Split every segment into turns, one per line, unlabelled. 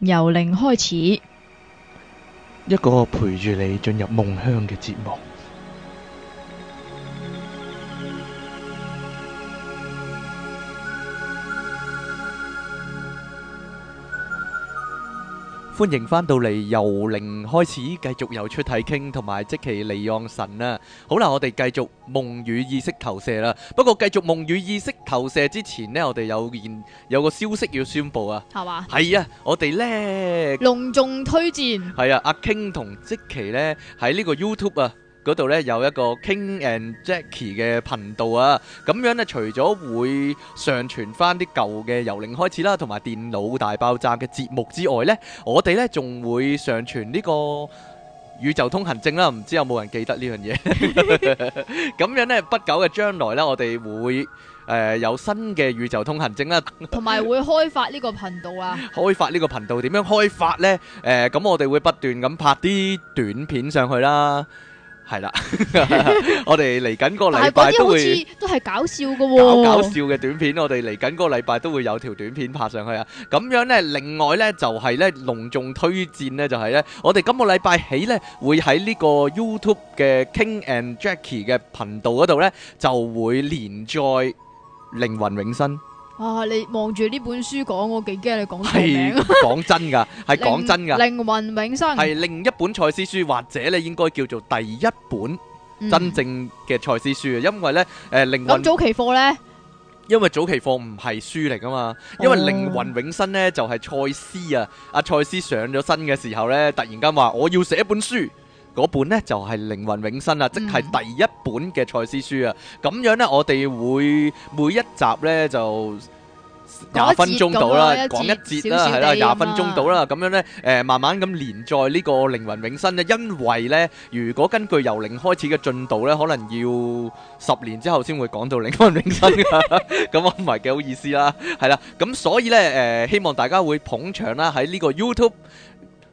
由零開始，
一個陪住你進入夢鄉嘅節目。歡迎翻到嚟，由零開始，繼續由出體傾同埋即期利用神，好啦，我哋繼續夢與意識投射啦。不過繼續夢與意識投射之前呢，我哋有件有個消息要宣布啊，係嘛吧？係啊，我哋呢隆
重推薦，
係啊，阿傾同即期呢喺呢個 YouTube 啊。嗰度咧有一個 King and Jackie 嘅頻道啊，咁樣咧，除咗會上傳翻啲舊嘅由零開始啦，同埋電腦大爆炸嘅節目之外咧，我哋咧仲會上傳呢個宇宙通行證啦。唔知有冇人記得呢樣嘢？咁樣咧，不久嘅將來咧，我哋會誒有新嘅宇宙通行證啦，
同埋會開發呢個頻道啊。
開發呢個頻道點樣開發咧？誒咁，我哋會不斷咁拍啲短片上去啦。係啦，我哋嚟緊個禮拜都會
都係搞笑㗎喎，搞笑
嘅短片，我哋嚟緊個禮拜都會有條短片拍上去啊！咁樣呢，另外呢就係呢，隆重推薦呢就係呢，我哋今個禮拜起呢會喺呢個 YouTube 嘅 King and Jackie 嘅頻道嗰度呢就會連載《靈魂永生》。
啊！你望住呢本書講，我幾驚你講錯名。
講真噶，係講 真噶。靈
魂凌永生係
另一本賽斯書，或者你應該叫做第一本真正嘅賽斯書啊，因為呢，誒靈魂。早期課呢，因為早期課唔係書嚟噶嘛，因為靈魂永生呢，就係、是、賽斯啊！阿賽斯上咗身嘅時候呢，突然間話我要寫一本書。嗰本咧就係靈魂永生啊，即係第一本嘅賽斯書啊，咁樣咧我哋會每一集咧就廿分鐘到啦，講一節啦，係啦，廿分鐘到啦，咁樣咧誒，慢慢咁連載呢個靈魂永生啊，因為咧如果根據由零開始嘅進度咧，可能要十年之後先會講到靈魂永生啊，咁我唔係幾好意思啦，係啦，咁所以咧誒，希望大家會捧場啦，喺呢個 YouTube。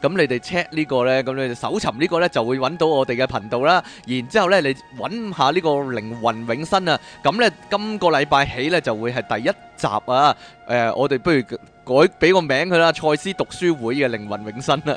咁你哋 check 呢個咧，咁你哋搜尋呢個咧，就會揾到我哋嘅頻道啦。然之後咧，你揾下呢個靈魂永生啊。咁咧，今個禮拜起咧，就會係第一集啊。誒，我哋不如改俾個名佢啦，賽斯讀書會嘅靈魂永生啦。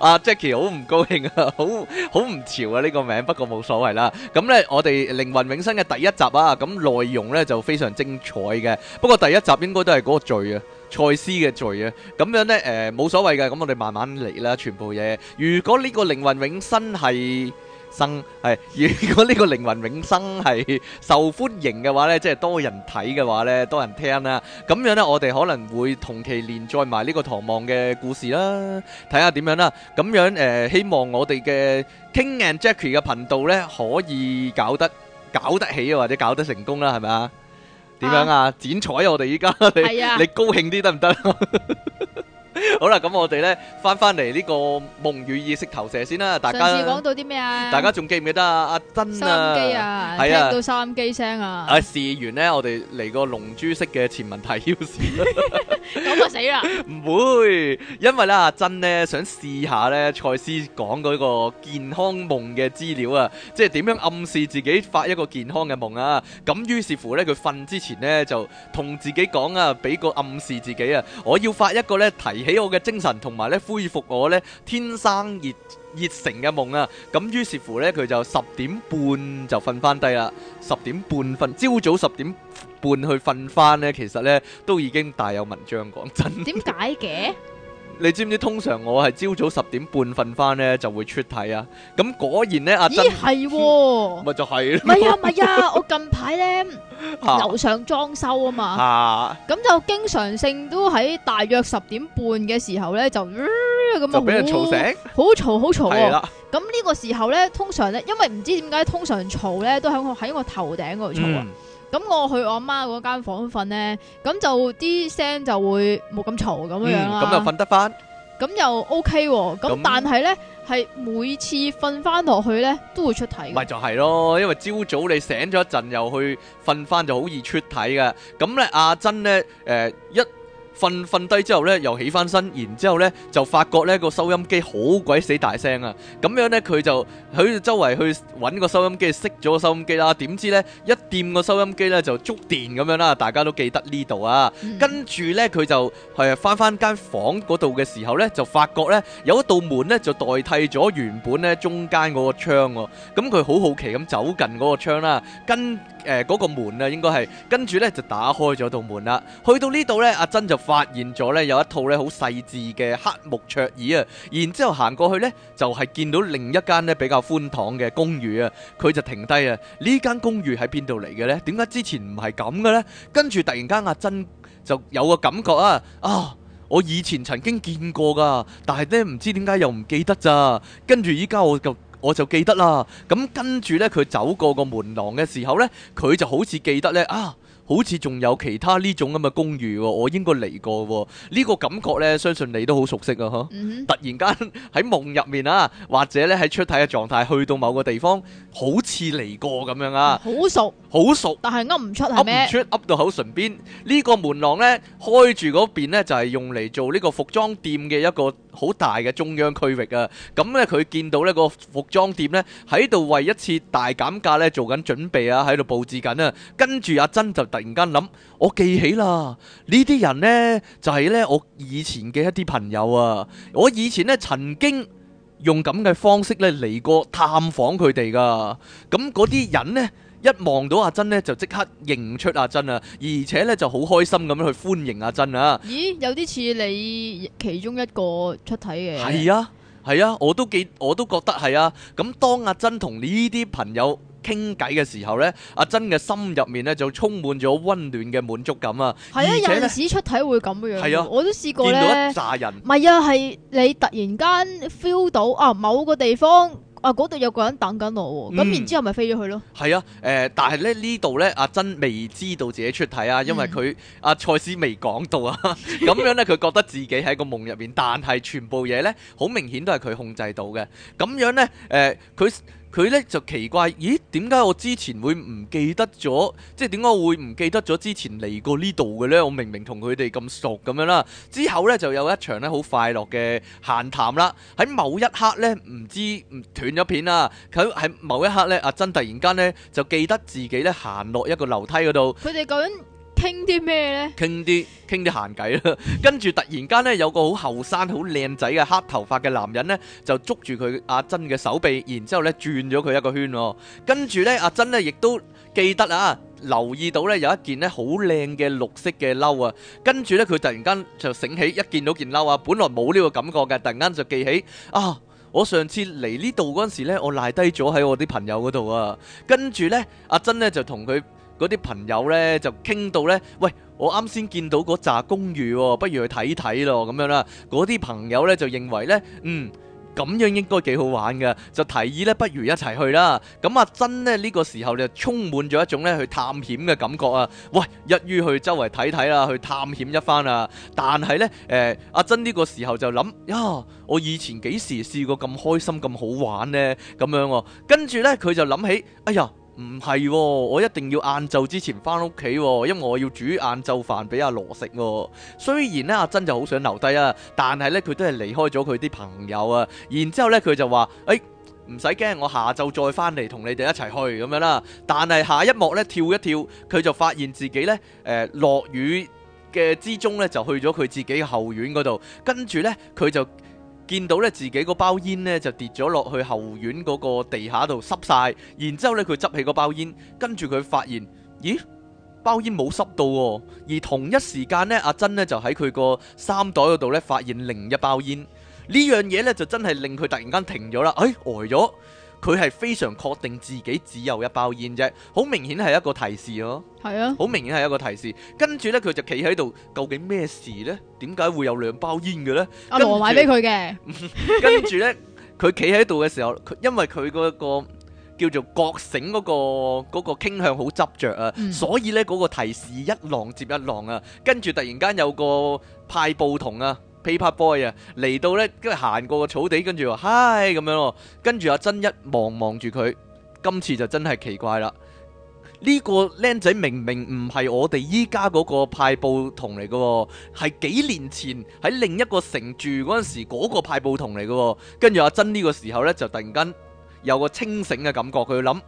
阿 Jackie 好唔高興啊，好好唔潮啊呢個名，不過冇所謂啦。咁咧，我哋靈魂永生嘅第一集啊，咁內容咧就非常精彩嘅。不過第一集應該都係嗰個罪啊。賽斯嘅罪啊，咁樣咧，誒冇所謂嘅，咁我哋慢慢嚟啦，全部嘢。如果呢個靈魂永生係生，係如果呢個靈魂永生係受歡迎嘅話咧，即係多人睇嘅話咧，多人聽啦。咁樣咧，我哋可能會同期連載埋呢個《唐望》嘅故事啦，睇下點樣啦。咁樣誒，希望我哋嘅 King and Jackie 嘅頻道咧，可以搞得搞得起，或者搞得成功啦，係咪啊？點樣啊？剪、啊、彩我哋依家你係、啊、你高興啲得唔得？ 好啦，咁我哋呢，翻翻嚟呢個夢與意識投射先啦，大家上次講到
啲咩啊？大家
仲記唔記得啊？阿珍啊，收音機啊，機啊，聽唔到收
音機聲啊。
啊試完呢，我哋嚟個龍珠式嘅前文提要先。
咁啊死啦！唔
會，因為咧阿珍呢，想試下呢，蔡司講嗰個健康夢嘅資料啊，即係點樣暗示自己發一個健康嘅夢啊？咁於是乎呢，佢瞓之前呢，就同自己講啊，俾個暗示自己啊，我要發一個呢。提俾我嘅精神同埋咧，恢復我咧天生熱熱誠嘅夢啊！咁於是乎咧，佢就十點半就瞓翻低啦。十點半瞓，朝早十點半去瞓翻咧，其實咧都已經大有文章講真。
點解嘅？
你知唔知通常我係朝早十點半瞓翻咧就會出體啊？咁果然咧，阿咦係，咪就係咯？唔係啊，唔係啊，
我近排咧樓上裝修啊嘛，咁就經常性都喺大約十點半嘅時候咧就咁啊，畀人嘈醒，好嘈，好嘈，好嘈啊！咁呢個時候咧，通常咧，因為唔知點解，通常嘈咧都喺我喺我頭頂嗰度嘈啊。咁我去我阿媽嗰間房瞓呢，咁就啲聲就會冇咁嘈咁樣樣啦。咁就瞓得翻。咁又 OK 喎，咁但係呢，係每次瞓翻落去呢，都會出體。咪
就係咯，因為朝早你醒咗一陣又去瞓翻就好易出體㗎。咁呢，阿珍呢，誒、呃、一。瞓瞓低之後呢，又起翻身，然之後呢就發覺呢個收音機好鬼死大聲啊！咁樣呢佢就喺周圍去揾個收音機，熄咗個收音機啦。點知呢一掂個收音機呢就觸電咁樣啦，大家都記得呢度啊。跟住呢佢就係翻翻間房嗰度嘅時候呢，就發覺呢有一道門呢就代替咗原本呢中間嗰個窗喎。咁佢好好奇咁走近嗰個窗啦，跟誒，嗰個門啊，應該係跟住呢就打開咗道門啦。去到呢度呢，阿珍就。發現咗咧有一套咧好細緻嘅黑木桌椅啊，然之後行過去呢，就係見到另一間咧比較寬敞嘅公寓啊，佢就停低啊。呢間公寓喺邊度嚟嘅呢？點解之前唔係咁嘅呢？跟住突然間阿珍就有個感覺啊！啊，我以前曾經見過㗎，但係呢唔知點解又唔記得咋。跟住依家我就我就記得啦。咁跟住呢，佢走過個門廊嘅時候呢，佢就好似記得呢。啊。好似仲有其他呢種咁嘅公寓喎，我應該嚟過喎。呢個感覺呢，相信你都好熟悉啊！嚇，mm-hmm. 突然間喺夢入面啊，或者咧喺出體嘅狀態，去到某個地方，好似嚟過咁樣啊！熟好熟，好熟，但係噏唔
出係咩？噏唔出，
噏到口唇邊。呢個門廊呢，開住嗰邊呢，就係用嚟做呢個服裝店嘅一個好大嘅中央區域啊。咁呢，佢見到呢個服裝店呢，喺度為一次大減價呢做緊準備啊，喺度佈置緊啊。跟住阿珍就突。突然間諗，我記起啦，呢啲人呢，就係呢我以前嘅一啲朋友啊，我以前咧曾經用咁嘅方式咧嚟過探訪佢哋噶，咁嗰啲人呢，一望到阿珍呢，就即刻認出阿珍啊，而且呢就好開心咁樣去歡迎阿珍啊，咦，
有啲似你其中一個出體嘅，係
啊係啊，我都記，我都覺得係啊，咁當阿珍同呢啲朋友。傾偈嘅時候呢，阿珍嘅心入面、啊、呢，就充滿咗溫暖嘅滿足感啊！係啊，有陣時
出體會咁嘅樣啊，我都試過咧。見到一紮人，唔係啊，係你突然間 feel 到啊，某個地方啊，嗰度有個人等緊我，咁、嗯、然之後咪飛咗去咯。
係啊，誒、呃，但係咧呢度呢，阿珍未知道自己出體啊，因為佢阿、嗯啊、蔡思未講到啊，咁樣呢，佢 覺得自己喺個夢入面，但係全部嘢呢，好明顯都係佢控制到嘅，咁樣呢，誒、呃，佢。佢咧就奇怪，咦？點解我之前會唔記得咗？即係點解我會唔記得咗之前嚟過呢度嘅呢？我明明同佢哋咁熟咁樣啦。之後呢，就有一場呢好快樂嘅閒談啦。喺某一刻呢，唔知唔斷咗片啦。佢喺某一刻呢，阿珍突然間呢，就記得自己呢，行落一個樓梯嗰度。
佢哋究竟？傾啲咩呢？
傾啲傾啲閒偈啦，跟住 突然間呢，有個好後生、好靚仔嘅黑頭髮嘅男人呢，就捉住佢阿珍嘅手臂，然之後呢轉咗佢一個圈，哦。跟住呢，阿珍呢亦都記得啊，留意到呢有一件呢好靚嘅綠色嘅褸啊。跟住呢，佢突然間就醒起，一見到一件褸啊，本來冇呢個感覺嘅，突然間就記起啊，我上次嚟呢度嗰陣時呢，我賴低咗喺我啲朋友嗰度啊。跟住呢，阿珍呢就同佢。嗰啲朋友咧就傾到咧，喂，我啱先見到嗰扎公寓喎，不如去睇睇咯，咁樣啦。嗰啲朋友咧就認為咧，嗯，咁樣應該幾好玩嘅，就提議咧，不如一齊去啦。咁阿珍呢，呢個時候就充滿咗一種咧去探險嘅感覺啊！喂，一於去周圍睇睇啦，去探險一番啊！但係咧，誒、欸，阿珍呢個時候就諗，呀、啊，我以前幾時試過咁開心咁好玩呢？咁樣，跟住咧佢就諗起，哎呀！唔係、喎，我一定要晏晝之前翻屋企，因為我要煮晏晝飯俾阿羅食、喎。雖然呢阿珍就好想留低啊，但係呢，佢都係離開咗佢啲朋友啊。然之後呢佢就話：誒、欸，唔使驚，我下晝再翻嚟同你哋一齊去咁樣啦。但係下一幕呢，跳一跳，佢就發現自己呢，誒、呃、落雨嘅之中呢，就去咗佢自己嘅後院嗰度，跟住呢，佢就。見到咧自己嗰包煙咧就跌咗落去後院嗰個地下度濕晒。然之後咧佢執起嗰包煙，跟住佢發現，咦，包煙冇濕到喎、哦，而同一時間咧，阿珍咧就喺佢個衫袋嗰度咧發現另一包煙，呢樣嘢咧就真係令佢突然間停咗啦，誒、呆咗。佢係非常確定自己只有一包煙啫，好明顯係一個提示咯、哦。係啊，好明顯係一個提示。跟住呢，佢就企喺度，究竟咩事呢？點解會有兩包煙嘅呢？阿羅買俾佢嘅。 跟住呢，佢企喺度嘅時候，因為佢嗰、嗰個 叫做覺醒嗰、嗰個嗰、嗰個、傾向好執着啊，嗯、所以呢，嗰個提示一浪接一浪啊。跟住突然間有個派布同啊。Paperboy 啊，嚟到呢，跟住行過個草地，跟住話嗨咁樣喎，跟住阿珍一望望住佢，今次就真係奇怪啦！呢個僆仔明明唔係我哋依家嗰個派報童嚟嘅喎，係幾年前喺另一個城住嗰陣時嗰個派報童嚟嘅喎，跟住阿珍呢個時候呢，就突然間有個清醒嘅感覺，佢諗。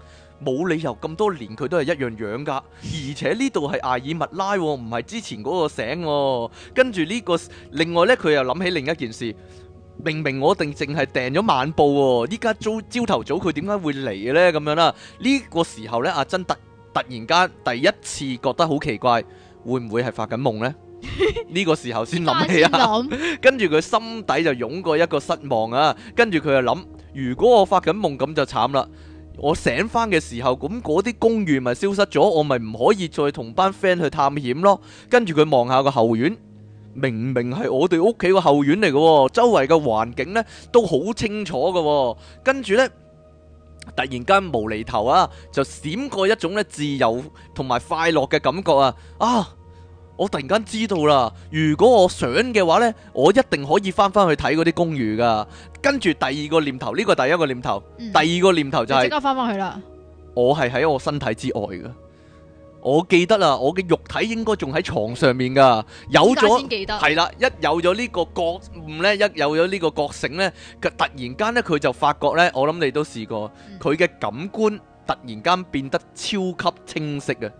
冇理由咁多年佢都係一樣樣噶，而且呢度係艾爾麥拉喎，唔係之前嗰個醒喎。跟住呢個另外咧，佢又諗起另一件事。明明我定淨係訂咗晚報喎，依家早朝頭早佢點解會嚟嘅咧？咁樣啦，呢個時候咧，阿珍突突然間第一次覺得好奇怪，會唔會係發緊夢咧？呢個時候先諗起啊，跟住佢心底就湧過一個失望啊。跟住佢又諗，如果我發緊夢咁就慘啦。我醒翻嘅時候，咁嗰啲公寓咪消失咗，我咪唔可以再同班 friend 去探險咯。跟住佢望下個後院，明明係我哋屋企個後院嚟嘅，周圍嘅環境呢都好清楚嘅。跟住呢，突然間無厘頭啊，就閃過一種咧自由同埋快樂嘅感覺啊！啊！我突然間知道啦，如果我想嘅話呢，我一定可以翻翻去睇嗰啲公寓噶。跟住第二個念頭，呢個第一個念頭，嗯、第二個念頭就係、是、即刻翻翻去啦。我係喺我身體之外嘅，我記得啦，我嘅肉體應該仲喺床上面噶。有咗先記得係啦，一有咗呢個覺悟咧，一有咗呢個覺醒呢，突然間呢，佢就發覺呢，我諗你都試過，佢嘅、嗯、感官突然間變得超級清晰嘅。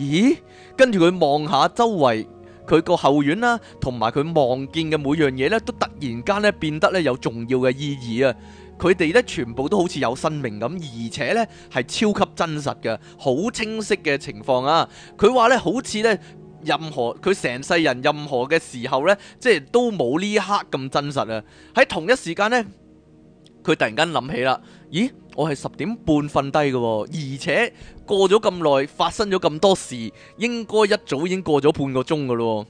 咦？跟住佢望下周圍，佢個後院啦，同埋佢望見嘅每樣嘢咧，都突然間咧變得咧有重要嘅意義啊！佢哋咧全部都好似有生命咁，而且咧係超級真實嘅，好清晰嘅情況啊！佢話咧好似咧任何佢成世人任何嘅時候咧，即係都冇呢一刻咁真實啊！喺同一時間咧。佢突然間諗起啦，咦？我係十點半瞓低嘅，而且過咗咁耐，發生咗咁多事，應該一早已經過咗半個鐘嘅咯。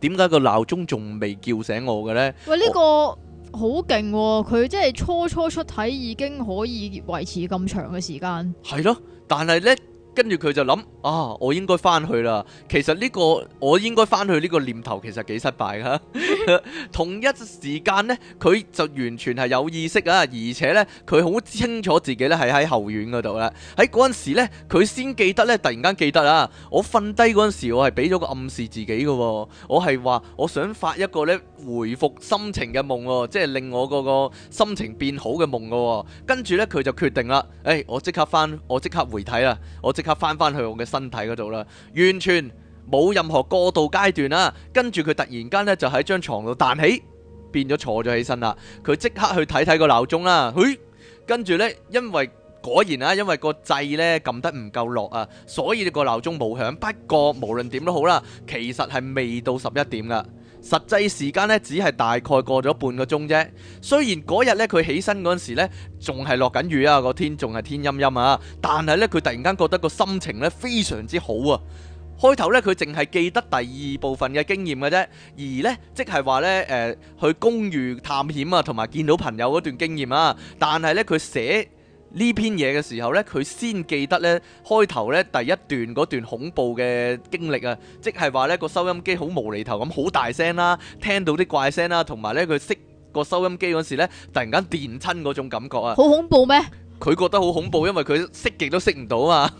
點解個鬧鐘仲未叫醒我嘅呢？
喂，呢、呢個我好勁、哦，佢即係初初出體已經可以維持咁長嘅時間。
係咯，但係呢。跟住佢就諗啊，我應該翻去啦。其實呢、這個我應該翻去呢個念頭，其實幾失敗噶。 同一時間咧，佢就完全係有意識啊，而且咧佢好清楚自己咧係喺後院嗰度啦。喺嗰陣時咧，佢先記得咧，突然間記得啊，我瞓低嗰陣時，我係俾咗個暗示自己噶、哦，我係話我想發一個咧回復心情嘅夢、哦，即係令我個個心情變好嘅夢噶。跟住咧，佢就決定啦，誒、哎，我即刻翻，我即刻回睇啦，我即即刻翻翻去我嘅身體嗰度啦，完全冇任何過渡階段啦。跟住佢突然間咧就喺張床度彈起，變咗坐咗起身啦。佢即刻去睇睇個鬧鐘啦，嘘，跟住咧因為果然啊，因為個掣咧撳得唔夠落啊，所以個鬧鐘冇響。不過無論點都好啦，其實係未到十一點噶。實際時間咧，只係大概過咗半個鐘啫。雖然嗰日咧，佢起身嗰陣時仲係落緊雨啊，個天仲係天陰陰啊。但係呢，佢突然間覺得個心情咧非常之好啊。開頭呢，佢淨係記得第二部分嘅經驗嘅啫，而呢，即係話呢，誒去公寓探險啊，同埋見到朋友嗰段經驗啊。但係呢，佢寫呢篇嘢嘅時候，呢佢先記得呢開頭呢第一段嗰段恐怖嘅經歷啊，即係話呢個收音機好無厘頭咁，好大聲啦、啊，聽到啲怪聲啦、啊，同埋呢佢熄個收音機嗰時呢，突然間電親嗰種感覺啊，好恐怖咩？佢覺得好恐怖，因為佢識極都識唔到啊！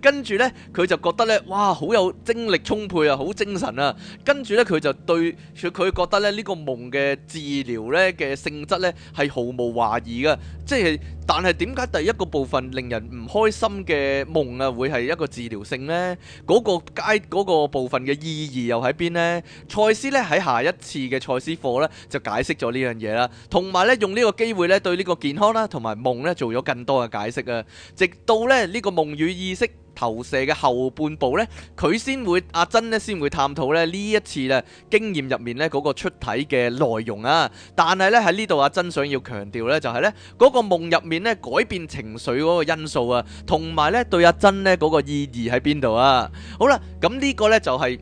跟住咧，佢就覺得咧，哇，好有精力充沛啊，好精神啊！跟住咧，佢就對佢佢覺得咧呢個夢嘅治療咧嘅性質咧係毫無懷疑嘅。即係，但係點解第一個部分令人唔開心嘅夢啊，會係一個治療性咧？嗰個階嗰個部分嘅意義又喺邊咧？賽斯咧喺下一次嘅賽斯課咧就解釋咗呢樣嘢啦，同埋咧用呢個機會咧對呢個健康啦同埋夢咧做咗。更多嘅解釋啊！直到咧呢個夢與意識投射嘅後半部呢，佢先會阿珍呢先會探討呢一次嘅經驗入面呢嗰個出體嘅內容啊！但係呢喺呢度阿珍想要強調呢就係呢嗰個夢入面呢改變情緒嗰個因素啊，同埋呢對阿珍呢嗰個意義喺邊度啊？好啦，咁呢個呢就係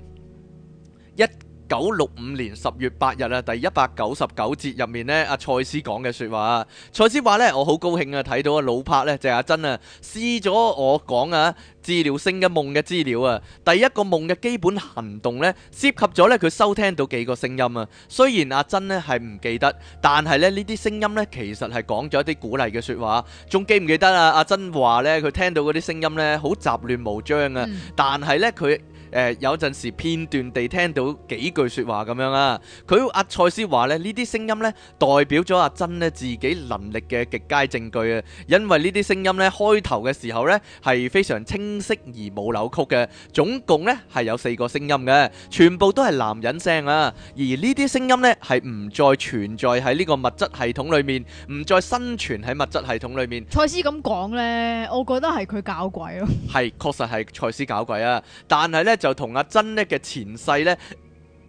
一九六五年十月八日節啊，第一百九十九節入面呢，阿賽斯講嘅說話啊，賽斯話咧，我好高興啊，睇到阿魯柏呢，就阿珍啊，試咗我講啊，治療性嘅夢嘅資料啊，第一個夢嘅基本行動呢，涉及咗呢，佢收聽到幾個聲音啊，雖然阿珍呢係唔記得，但係呢呢啲聲音呢，其實係講咗一啲鼓勵嘅說話，仲記唔記得啊？阿珍話呢，佢聽到嗰啲聲音呢，好雜亂無章啊，嗯、但係呢，佢。誒、呃，有陣時片段地聽到幾句說話咁樣啊！佢阿賽斯話咧，呢啲聲音呢代表咗阿珍呢自己能力嘅極佳證據啊！因為呢啲聲音呢開頭嘅時候呢係非常清晰而冇扭曲嘅，總共呢係有四個聲音嘅，全部都係男人聲啊！而呢啲聲音呢係唔再存在喺呢個物質系統裏面，唔再生存喺物質系統裏面。
賽斯咁講呢，我覺得係佢搞鬼咯、啊，
係確實係賽斯搞鬼啊！但係呢。就同阿珍呢嘅前世呢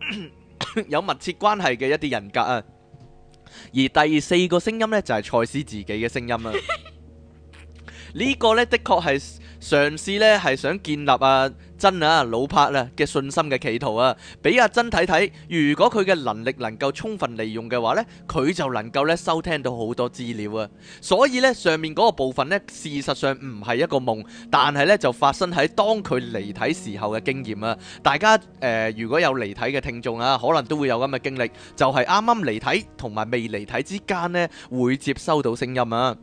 有密切關係嘅一啲人格啊，而第四個聲音呢，就係賽斯自己嘅聲音啊，呢個呢，的確係嘗試呢，係想建立啊。真啊，老柏啊嘅信心嘅企圖啊，俾阿珍睇睇，如果佢嘅能力能夠充分利用嘅話，呢佢就能夠咧收聽到好多資料啊。所以呢，上面嗰個部分呢，事實上唔係一個夢，但係呢就發生喺當佢離體時候嘅經驗啊。大家，呃，如果有離體嘅聽眾啊，可能都會有咁嘅經歷，就係啱啱離體同埋未離體之間呢，會接收到聲音啊。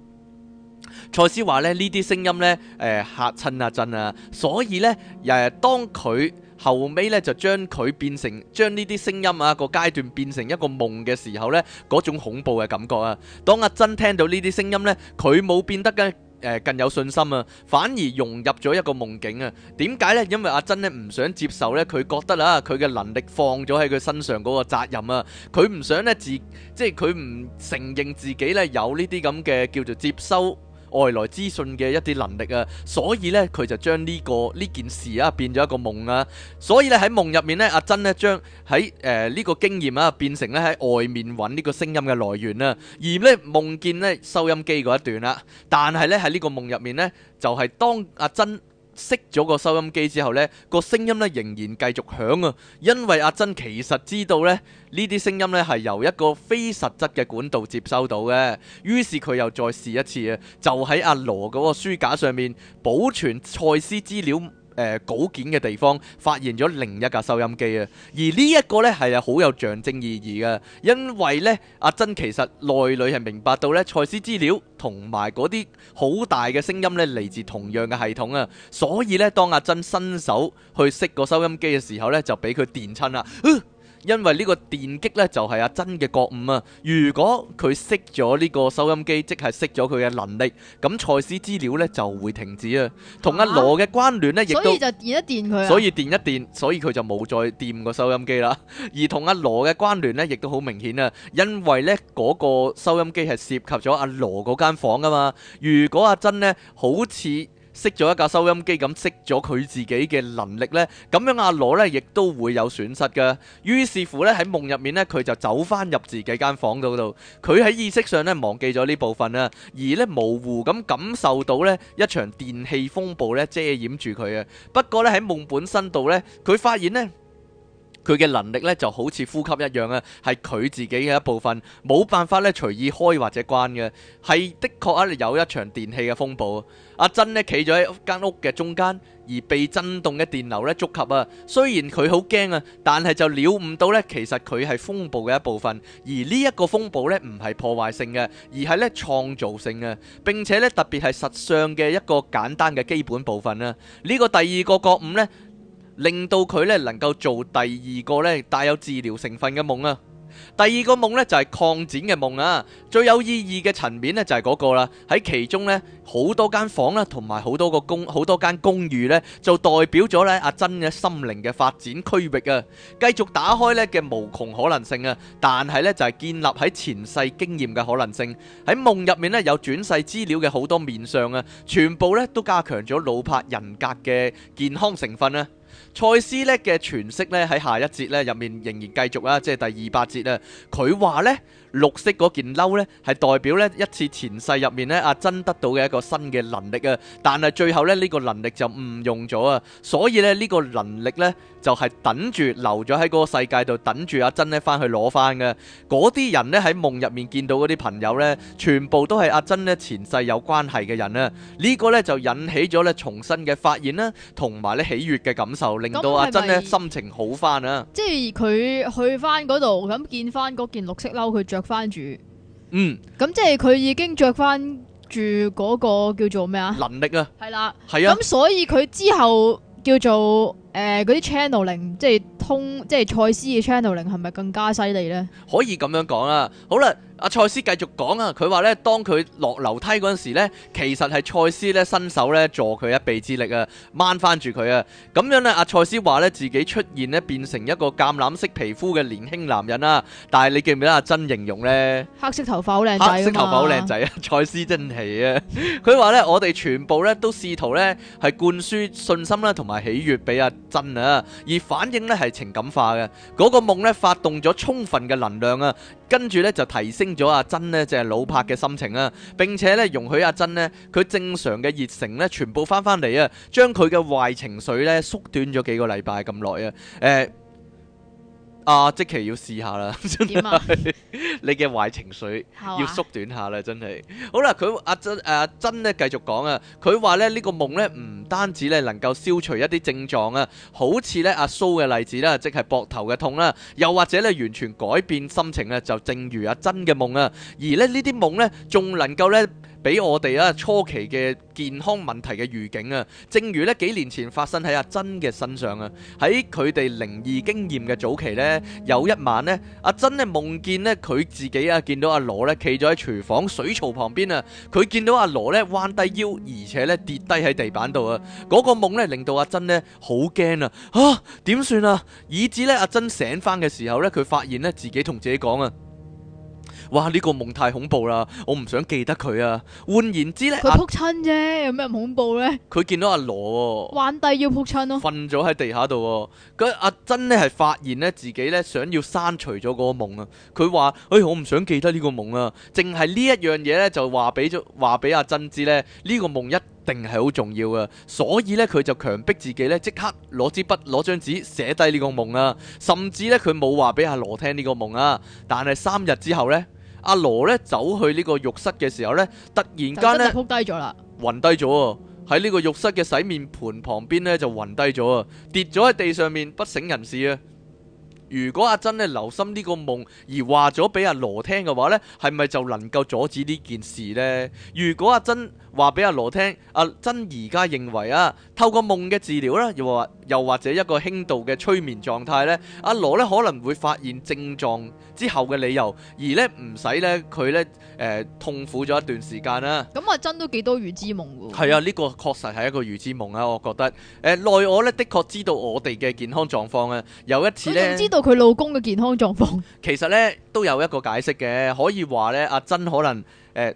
蔡思話咧，呢啲聲音咧，誒嚇親阿珍啊，所以咧，誒當佢後尾咧就將佢變成將呢啲聲音啊個階段變成一個夢嘅時候咧，嗰種恐怖嘅感覺啊，當阿珍聽到呢啲聲音咧，佢冇變得嘅，誒更有信心啊，反而融入咗一個夢境啊。點解咧？因為阿珍咧唔想接受咧，佢覺得啦，佢嘅能力放咗喺佢身上嗰個責任啊，佢唔想咧自，即係佢唔承認自己咧有呢啲咁嘅叫做接收。外來資訊嘅一啲能力啊，所以呢、這個，佢就將呢個呢件事啊變咗一個夢啊，所以呢，喺夢入面呢，阿珍呢將喺誒呢個經驗啊變成咧喺外面揾呢個聲音嘅來源啊。而呢夢見呢收音機嗰一段啦，但係呢喺呢個夢入面呢，就係、是、當阿珍，熄咗個收音機之後呢個聲音仍然繼續響啊！因為阿珍其實知道呢呢啲聲音呢係由一個非實質嘅管道接收到嘅，於是佢又再試一次啊！就喺阿羅嗰個書架上面保存賽斯資料。呃，稿件嘅地方發現咗另一架收音機啊，而呢一個呢係好有象徵意義嘅，因為呢阿珍其實內裏係明白到呢賽斯資料同埋嗰啲好大嘅聲音呢嚟自同樣嘅系統啊，所以呢當阿珍伸手去熄個收音機嘅時候呢就俾佢電親啦。啊！因為呢個電擊呢，就係阿珍嘅覺悟啊！如果佢熄咗呢個收音機，即係熄咗佢嘅能力，咁賽斯資料呢就會停止跟啊！同阿羅嘅關聯呢，亦都所以就電一電，所以佢就冇再掂個收音機啦。而同阿羅嘅關聯呢，亦都好明顯啊！因為呢嗰個收音機係涉及咗阿羅嗰間房噶嘛。如果阿珍呢，好似，熄咗一架收音機咁，熄咗佢自己嘅能力呢，咁樣阿羅呢亦都會有損失嘅。於是乎呢，喺夢入面呢，佢就走翻入自己間房嗰度，佢喺意識上呢，忘記咗呢部分啦，而呢，模糊咁感受到呢，一場電氣風暴呢遮掩住佢啊。不過呢，喺夢本身度呢，佢發現呢。佢嘅能力咧就好似呼吸一樣啊，係佢自己嘅一部分，冇辦法咧隨意開或者關嘅。係的確啊，有一場電氣嘅風暴。阿珍咧企咗喺間屋嘅中間，而被震動嘅電流咧觸及啊。雖然佢好驚啊，但係就了悟到咧，其實佢係風暴嘅一部分。而呢一個風暴咧唔係破壞性嘅，而係咧創造性嘅。並且咧特別係實相嘅一個簡單嘅基本部分啊。呢、這個第二個覺悟咧。令到佢咧能夠做第二個咧帶有治療成分嘅夢啊！第二個夢呢就係擴展嘅夢啊！最有意義嘅層面呢就係嗰個啦，喺其中呢，好多間房啦，同埋好多個公好多間公寓呢，就代表咗咧阿珍嘅心靈嘅發展區域啊！繼續打開咧嘅無窮可能性啊！但係呢就係建立喺前世經驗嘅可能性，喺夢入面呢，有轉世資料嘅好多面相啊，全部呢都加強咗老帕人格嘅健康成分啊！賽斯咧嘅詮釋呢，喺下一節呢入面仍然繼續啦，即係第二百節啦，佢話呢。綠色嗰件褸呢，係代表呢一次前世入面呢，阿珍得到嘅一個新嘅能力啊！但係最後呢，呢個能力就誤用咗啊！所以呢，呢個能力呢，就係等住留咗喺嗰個世界度，等住阿珍呢翻去攞翻嘅。嗰啲人呢，喺夢入面見到嗰啲朋友呢，全部都係阿珍呢前世有關係嘅人啊。呢個呢，就引起咗呢重新嘅發現啦，同埋呢喜悅嘅感受，令到阿珍呢心情好翻啊！即
係佢去翻嗰度咁，見翻嗰件綠色褸佢着。他穿翻住，嗯，咁即係佢已經著翻住嗰個叫做咩啊？能力
啊，係啦，係啊，咁所
以佢之後叫做誒嗰、呃、啲 channeling，即係。通即係賽斯嘅 channeling 係咪更加犀利呢？
可以咁樣講啊！好啦，阿賽斯繼續講啊，佢話呢，當佢落樓梯嗰陣時呢，其實係賽斯呢伸手呢，助佢一臂之力啊，掹翻住佢啊！咁樣呢，阿賽斯話呢，自己出現呢，變成一個橄欖色皮膚嘅年輕男人啦，但係你記唔記得阿珍形容呢？
黑色頭髮好靚仔，黑色頭髮好靚仔
啊！賽斯真係啊！佢話呢，我哋全部呢，都試圖呢，係灌輸信心啦同埋喜悅俾阿珍啊，而反應呢，係。情感化嘅嗰、那個夢咧，發動咗充分嘅能量啊，跟住咧就提升咗阿珍呢就係老柏嘅心情啊。並且咧容許阿珍呢，佢正常嘅熱誠咧，全部翻翻嚟啊，將佢嘅壞情緒咧縮短咗幾個禮拜咁耐啊，誒、呃。啊！即期要試一下啦，啊、 你嘅壞情緒要縮短一下啦、啊啊，真係。好、啊、啦，佢阿珍誒阿珍咧繼續講啊，佢話咧呢、呢個夢咧唔單止咧能夠消除一啲症狀啊，好似咧阿蘇嘅例子啦，即係膊頭嘅痛啦、啊，又或者咧完全改變心情咧，就正如阿珍嘅夢啊，而咧呢啲夢咧仲能夠咧，俾我哋啊初期嘅健康問題嘅預警啊，正如呢幾年前發生喺阿珍嘅身上啊，喺佢哋靈異經驗嘅早期呢，有一晚呢，阿珍呢夢見呢，佢自己啊見到阿羅呢企咗喺廚房水槽旁邊啊，佢見到阿羅呢彎低腰，而且呢跌低喺地板度啊，嗰個夢呢令到阿珍呢好驚啊，啊，點算啊！以至呢，阿珍醒翻嘅時候呢，佢發現呢自己同自己講啊。哇！呢個夢太恐怖啦，我唔想記得佢啊。換言之呢，佢撲
親啫，有咩恐怖呢？
佢見到阿羅、哦，玩帝要撲親咯。瞓咗喺地下度、哦，咁阿珍呢，係發現呢自己呢想要刪除咗嗰個夢啊。佢話：哎，我唔想記得呢個夢啊。淨係呢一樣嘢呢，就話俾咗話俾阿珍知呢，呢個夢一定係好重要嘅。所以呢，佢就強迫自己呢，即刻攞支筆攞張紙寫低呢個夢啊。甚至呢，佢冇話俾阿羅聽呢個夢啊。但係三日之後呢。阿羅咧走去呢個浴室嘅時候呢，突然間咧扑低咗啦，暈低咗喎，喺呢個浴室嘅洗面盆旁邊呢就暈低咗啊，跌咗喺地上面不省人事啊！如果阿珍咧留心呢個夢而話咗俾阿羅聽嘅話呢，係咪就能夠阻止呢件事呢？如果阿珍，話俾阿羅聽，阿珍而家認為啊，透過夢嘅治療咧，又或又或者一個輕度嘅催眠狀態咧，阿羅咧可能會發現症狀之後嘅理由，而咧唔使咧佢咧誒痛苦咗一段時間啦、啊。
咁阿珍都幾多預知夢㗎？
係啊，呢、呢個確實係一個預知夢啊，我覺得。誒、呃、內我咧，的確知道我哋嘅健康狀況啊。有一次咧，佢知
道佢老公嘅健康狀況。
其實咧，都有一個解釋嘅，可以話咧，阿珍可能誒。呃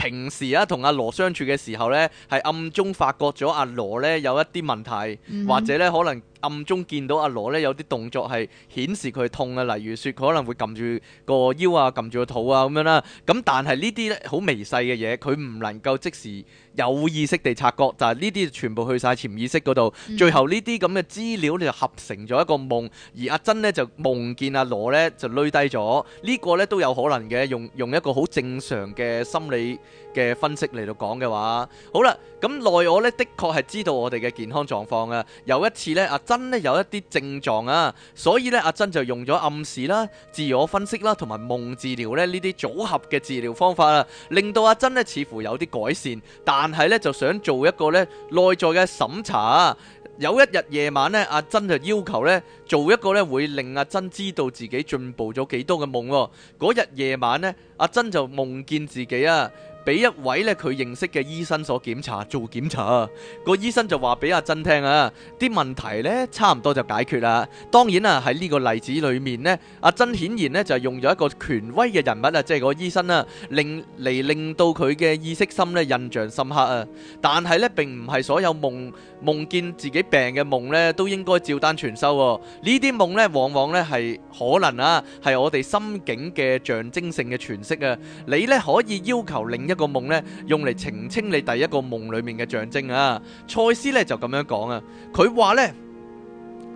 平時啊，同阿羅相處嘅時候呢，係暗中發覺咗阿羅呢有一啲問題，或者呢可能。暗中見到阿羅咧有啲動作係顯示佢痛啊，例如說佢可能會撳住個腰啊、撳住個肚啊咁樣啦。咁但係呢啲咧好微細嘅嘢，佢唔能夠即時有意識地察覺，就係呢啲全部去晒潛意識嗰度。嗯、最後呢啲咁嘅資料你就合成咗一個夢，而阿珍呢，就夢見阿羅呢，就累低咗呢個呢，都有可能嘅，用用一個好正常嘅心理嘅分析嚟到講嘅話，好啦，咁內我呢，的確係知道我哋嘅健康狀況啊。有一次呢，阿珍呢有一啲症狀啊，所以呢，阿珍就用咗暗示啦、自我分析啦，同埋夢治療呢呢啲組合嘅治療方法啊，令到阿珍呢似乎有啲改善。但係呢，就想做一個呢內在嘅審查啊。有一日夜晚呢，阿珍就要求呢做一個呢會令阿珍知道自己進步咗幾多嘅夢。嗰日夜晚呢，阿珍就夢見自己啊。俾一位咧佢認識嘅醫生所檢查，做檢查個醫生就話俾阿珍聽啊，啲問題咧差唔多就解決啦。當然啊，喺呢個例子裏面呢，阿珍顯然呢就係用咗一個權威嘅人物啊，即係個醫生啦啊，令嚟令到佢嘅意識心咧印象深刻啊。但係咧，並唔係所有夢夢見自己病嘅夢咧都應該照單全收啊。呢啲夢咧往往咧係可能啊，係我哋心境嘅象徵性嘅詮釋啊。你咧可以要求另。一個夢咧，用嚟澄清你第一個夢裏面嘅象徵啊。賽斯咧就咁樣講啊，佢話咧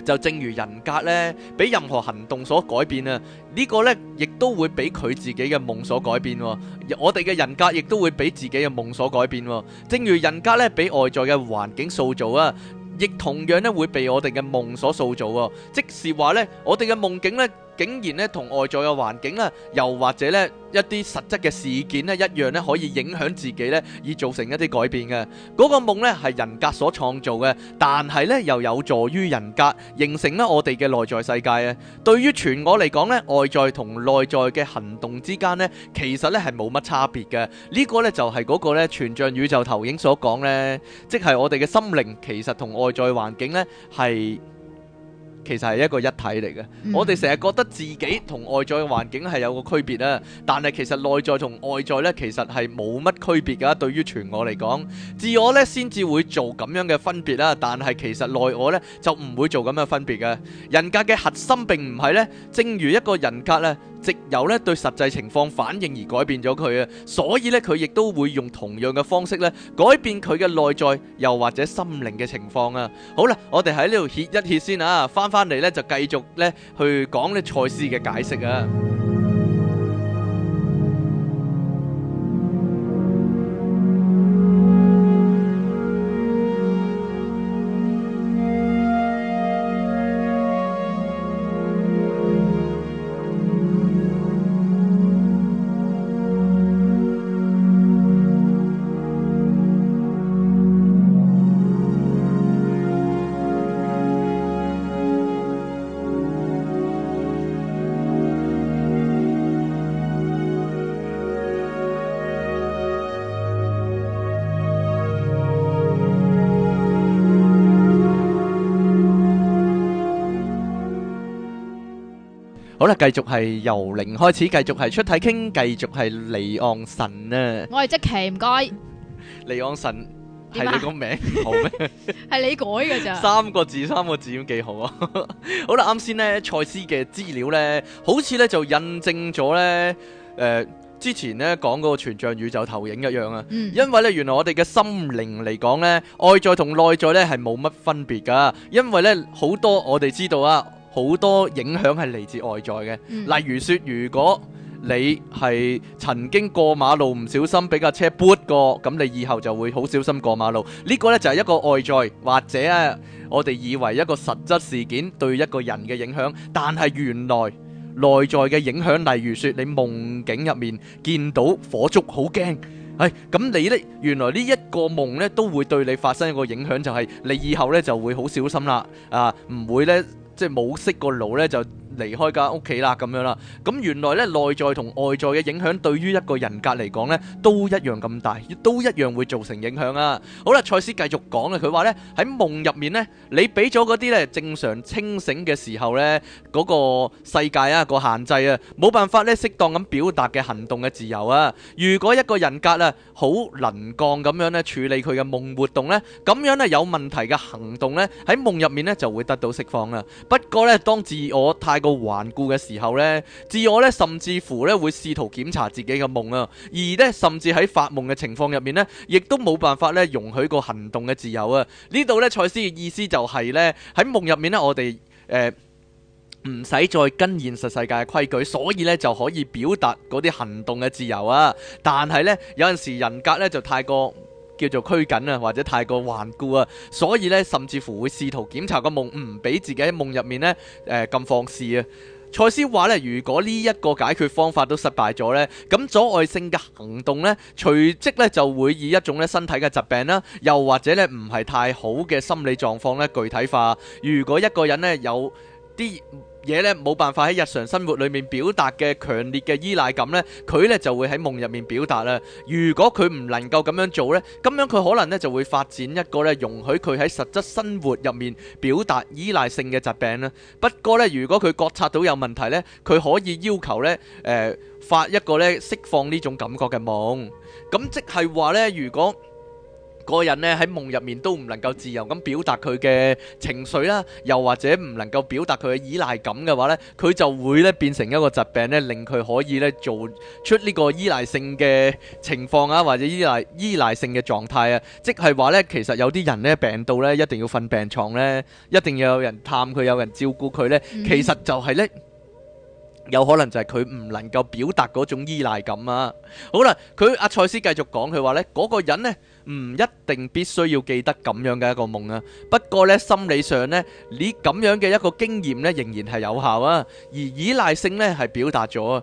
就正如人格咧，俾任何行動所改變啊。呢個咧亦都會俾佢自己嘅夢所改變。我哋嘅人格亦都會俾自己嘅夢所改變。正如人格咧俾外在嘅環境塑造啊，亦同樣咧會被我哋嘅夢所塑造。即是話咧，我哋嘅夢境咧。竟然咧，同外在嘅環境啊，又或者咧一啲實質嘅事件咧一樣咧，可以影響自己咧，以造成一啲改變嘅。嗰個夢咧係人格所創造嘅，但係咧又有助於人格形成咧我哋嘅內在世界啊。對於全我嚟講咧，外在同內在嘅行動之間咧，其實咧係冇乜差別嘅。呢個咧就係嗰個咧全像宇宙投影所講咧，即係我哋嘅心靈，其實同外在環境咧係。其實係一個一體嚟嘅，我哋成日覺得自己同外在嘅環境係有個區別啦，但係其實內在同外在咧，其實係冇乜區別㗎。對於全我嚟講，自我咧先至會做咁樣嘅分別啦，但係其實內我咧就唔會做咁樣嘅分別嘅。人格嘅核心並唔係咧，正如一個人格咧。藉由咧對實際情況反應而改變咗佢啊，所以咧佢亦都會用同樣嘅方式咧改變佢嘅內在又或者心靈嘅情況啊。好啦，我哋喺呢度歇一歇先啊，翻翻嚟咧就繼續咧去講呢賽斯嘅解釋啊。繼續係由零開始，繼續係出體傾，繼續係離岸神啊！
我係即期唔該，
離岸神係你個名好咩？
係你改噶咋？
三個字，三個字都幾好啊！好啦，啱先咧，賽斯嘅資料咧，好似咧就印證咗咧，誒，之前咧講嗰個全像宇宙投影一樣啊！因為咧，原來我哋嘅心靈嚟講咧，外在同內在咧係冇乜分別噶，因為咧好多我哋知道啊。好多影響係嚟自外在嘅，例如説，如果你係曾經過馬路唔小心俾架車撥過，咁你以後就會好小心過馬路。呢個呢，就係一個外在，或者啊，我哋以為一個實質事件對一個人嘅影響，但係原來內在嘅影響，例如説你夢境入面見到火燭好驚，係咁你呢，原來呢一個夢呢都會對你發生一個影響，就係你以後呢就會好小心啦，啊唔會呢。即係冇熄個腦咧就。離開家屋企啦，咁樣啦，咁原來咧內在同外在嘅影響，對於一個人格嚟講咧，都一樣咁大，都一樣會造成影響啊！好啦，賽斯繼續講啊，佢話咧喺夢入面咧，你俾咗嗰啲咧正常清醒嘅時候咧嗰個世界啊個限制，啊，冇辦法咧適當咁表達嘅行動嘅自由啊！如果一個人格啊好能幹咁樣咧處理佢嘅夢活動咧，咁樣咧有問題嘅行動咧喺夢入面咧就會得到釋放啦。不過咧當自我太個頑固嘅時候呢，自我呢，甚至乎呢，會試圖檢查自己嘅夢啊，而呢，甚至喺發夢嘅情況入面呢，亦都冇辦法呢，容許個行動嘅自由啊。呢度呢，賽斯嘅意思就係、是、呢，喺夢入面呢，我哋唔使再跟現實世界嘅規矩，所以呢，就可以表達嗰啲行動嘅自由啊。但係呢，有陣時人格呢，就太過。叫做拘謹啊，或者太過頑固啊，所以呢，甚至乎會試圖檢查個夢，唔俾自己喺夢入面呢，誒咁放肆啊。塞斯話呢，如果呢一個解決方法都失敗咗呢，咁阻礙性嘅行動呢，隨即呢就會以一種呢身體嘅疾病啦，又或者呢唔係太好嘅心理狀況呢，具體化。如果一個人呢，有啲。嘢咧，冇辦法喺日常生活裏面表達嘅強烈嘅依賴感咧，佢咧就會喺夢入面表達啦。如果佢唔能夠咁樣做咧，咁樣佢可能咧就會發展一個咧容許佢喺實質生活入面表達依賴性嘅疾病咧。不過咧，如果佢覺察到有問題咧，佢可以要求咧誒發一個咧釋放呢種感覺嘅夢。咁即係話咧，如果。個人咧喺夢入面都唔能夠自由咁表達佢嘅情緒啦，又或者唔能夠表達佢嘅依賴感嘅話咧，佢就會咧變成一個疾病咧，令佢可以咧做出呢個依賴性嘅情況啊，或者依賴依賴性嘅狀態啊，即係話咧，其實有啲人咧病到咧一定要瞓病牀咧，一定要有人探佢，有人照顧佢咧，其實就係咧有可能就係佢唔能夠表達嗰種依賴感啊。好啦，佢阿賽斯繼續講，佢話咧嗰個人咧。唔一定必須要記得咁樣嘅一個夢啊，不過咧心理上咧呢咁樣嘅一個經驗咧仍然係有效啊，而依賴性咧係表達咗啊。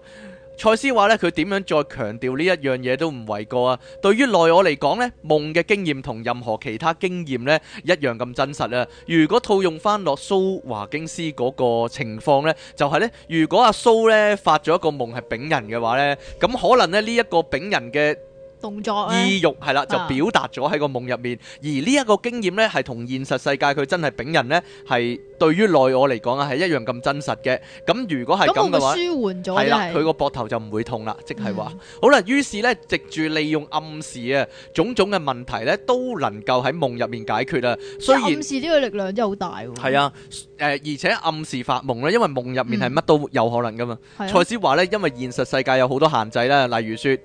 賽斯話咧佢點樣再強調呢一樣嘢都唔為過啊。對於內我嚟講咧，夢嘅經驗同任何其他經驗咧一樣咁真實啊。如果套用返落蘇華經斯嗰個情況咧，就係咧如果阿蘇咧發咗一個夢係丙人嘅話咧，咁可能咧呢一個丙人嘅。動作意欲係啦，就表達咗喺個夢入面，啊、而呢一個經驗呢，係同現實世界佢真係丙人呢，係對於內我嚟講啊，係一樣咁真實嘅。咁如果係咁嘅話，他舒
緩咗係啦，佢個
膊頭就唔會痛啦，嗯、即係話好啦。於是呢，藉住利用暗示啊，種種嘅問題呢，都能夠喺夢入面解決啦。所以暗示
呢個力量真係好
大，係啊，誒、啊呃，而且暗示發夢呢，因為夢入面係乜都有可能噶嘛。賽斯話呢，因為現實世界有好多限制啦，例如說。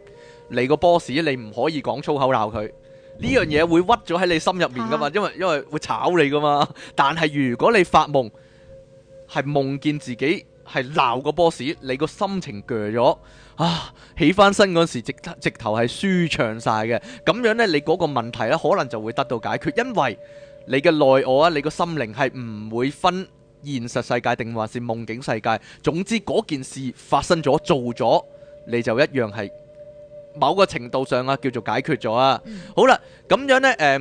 你個 boss，你唔可以講粗口鬧佢呢樣嘢，會屈咗喺你心入面噶嘛，因為因為會炒你噶嘛。但係如果你發夢係夢見自己係鬧個 boss，你個心情鋸咗啊，起翻身嗰時直直頭係舒暢晒嘅。咁樣呢，你嗰個問題咧可能就會得到解決，因為你嘅內我啊，你個心靈係唔會分現實世界定還是夢境世界。總之嗰件事發生咗，做咗你就一樣係。某個程度上啊，叫做解決咗啊。好啦，咁樣呢、呃。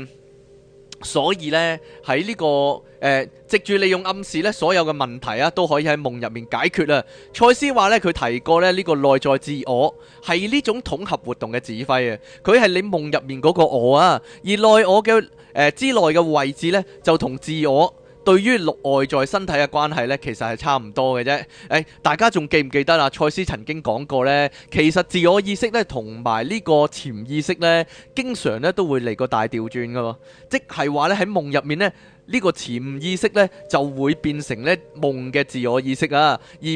所以呢，喺呢、呢個誒、呃、藉住利用暗示呢，所有嘅問題啊都可以喺夢入面解決啦。賽斯話呢，佢提過呢、呢個內在自我係呢種統合活動嘅指揮啊，佢係你夢入面嗰個我啊，而內我嘅誒、呃、之內嘅位置呢，就同自我。對於六外在身體嘅關係咧，其實係差唔多嘅啫。誒，大家仲記唔記得啦？賽斯曾經講過咧，其實自我意識咧同埋呢個潛意識咧，經常都會嚟個大調轉噶，即係話喺夢入面咧，呢、呢個潛意識就會變成咧夢嘅自我意識啊，而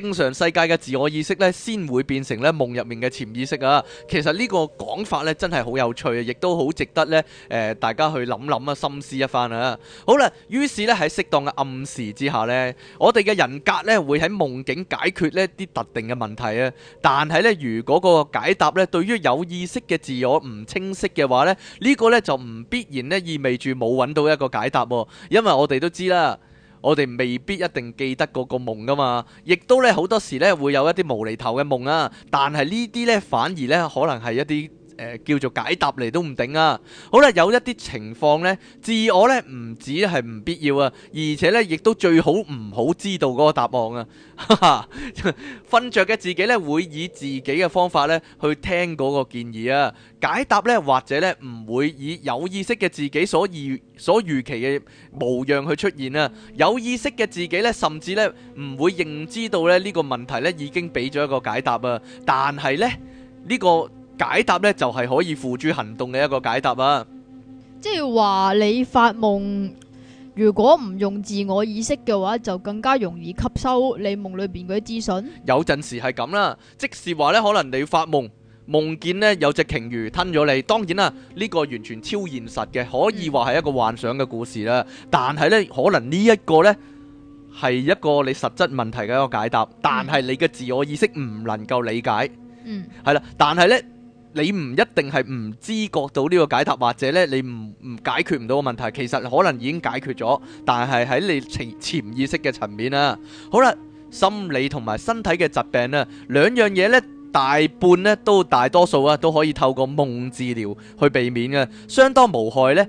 正常世界嘅自我意識咧，先會變成咧夢入面嘅潛意識啊！其實呢個講法咧，真係好有趣，亦都好值得咧誒、呃、大家去諗諗啊，深思一番啊！好啦，於是咧喺適當嘅暗示之下咧，我哋嘅人格咧會喺夢境解決呢啲特定嘅問題啊！但係咧，如果個解答咧對於有意識嘅自我唔清晰嘅話咧，呢、呢個咧就唔必然咧意味住冇揾到一個解答喎，因為我哋都知啦。我哋未必一定記得嗰個夢㗎嘛，亦都咧好多時咧會有一啲無厘頭嘅夢啊，但係呢啲咧反而咧可能係一啲，誒叫做解答嚟都唔定啊！好啦，有一啲情況咧，自我咧唔止係唔必要啊，而且咧亦都最好唔好知道嗰個答案啊！瞓著嘅自己咧會以自己嘅方法咧去聽嗰個建議啊，解答咧或者咧唔會以有意識嘅自己所預所預期嘅模樣去出現啊！有意識嘅自己咧甚至咧唔會認知道咧呢個問題咧已經俾咗一個解答啊！但係咧呢個解答呢，就係、是、可以付諸行動嘅一個解答啊！
即係話你發夢，如果唔用自我意識嘅話，就更加容易吸收你夢裏邊嗰啲資訊。
有陣時係咁啦，即是話呢，可能你發夢夢見呢，有隻鯨魚吞咗你，當然啦，呢、這個完全超現實嘅，可以話係一個幻想嘅故事啦。嗯、但係呢，可能呢一個呢，係一個你實質問題嘅一個解答，但係你嘅自我意識唔能夠理解，嗯，係啦，但係呢。你唔一定係唔知覺到呢個解答，或者咧你唔唔解決唔到個問題，其實可能已經解決咗，但係喺你潛潛意識嘅層面啦、啊。好啦，心理同埋身體嘅疾病啊，兩樣嘢咧，大半咧都大多數啊都可以透過夢治療去避免嘅，相當無害咧。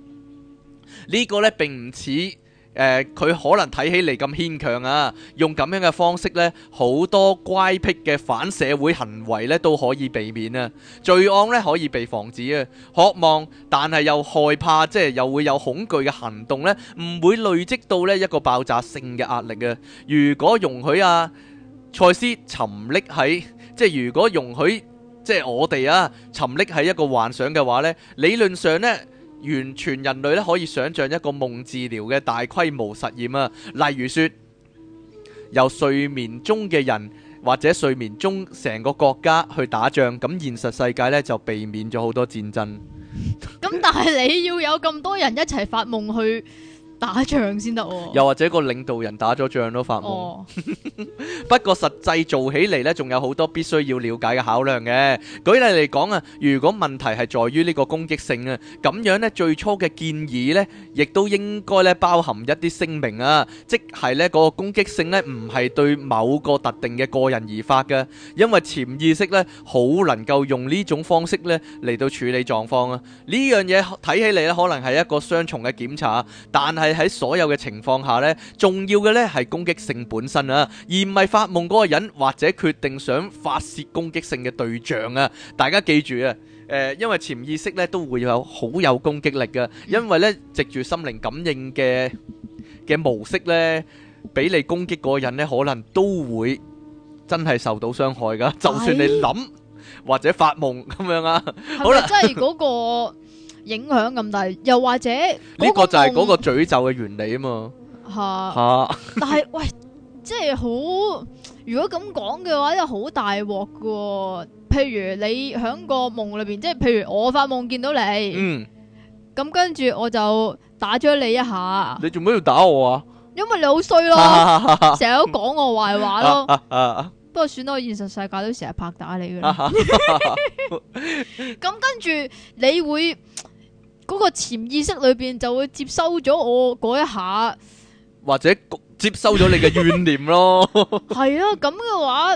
呢個呢並唔似誒佢可能睇起嚟咁牽強啊，用咁樣嘅方式呢，好多乖僻嘅反社會行為呢都可以避免啊，罪案呢可以被防止啊，渴望但係又害怕，即係又會有恐懼嘅行動呢，唔會累積到呢一個爆炸性嘅壓力啊。如果容許啊，賽斯沉溺喺，即係如果容許即係我哋啊沉溺喺一個幻想嘅話呢，理論上呢。完全人類咧可以想像一個夢治療嘅大規模實驗啊，例如說由睡眠中嘅人或者睡眠中成個國家去打仗，咁現實世界咧就避免咗好多戰爭。
咁 但係你要有咁多人一齊發夢去，打仗先得，哦，
又或者一個領導人打咗仗都發夢。哦， 不過實際做起嚟咧，仲有好多必須要了解嘅考量嘅。舉例嚟講啊，如果問題係在於呢個攻擊性啊，咁樣咧最初嘅建議咧，亦都應該咧包含一啲聲明啊，即係咧個攻擊性咧唔係對某個特定嘅個人而發嘅，因為潛意識咧好能夠用呢種方式咧嚟到處理狀況啊。呢樣嘢睇起嚟咧，可能係一個雙重嘅檢查，但係。喺所有嘅情況下呢，重要嘅呢係攻擊性本身啊，而唔係發夢嗰個人或者決定想發洩攻擊性嘅對象啊。大家記住啊，誒，因為潛意識呢都會有好有攻擊力噶，因為呢藉住心靈感應嘅嘅模式呢，俾你攻擊嗰個人呢，可能都會真係受到傷害噶。就算你諗或者發夢咁樣啊，好
啦，即係嗰個。影響咁大，又或者呢個，個就係嗰個詛
咒嘅原理啊嘛。吓吓，
但係喂，即係好，如果咁講嘅話，真係好大鑊噶。譬如你喺個夢裏邊，即係譬如我發夢見到你，咁、嗯、跟住我就打咗你一下。
你做咩要打我啊？
因為你好衰咯，成日 都講我壞話咯。 不過算啦，我現實世界都成日拍打你噶啦。咁 跟住你會。嗰個潛意識裏面就會接收咗我嗰一下，
或者接收咗你嘅怨念咯。
係 啊，咁嘅話，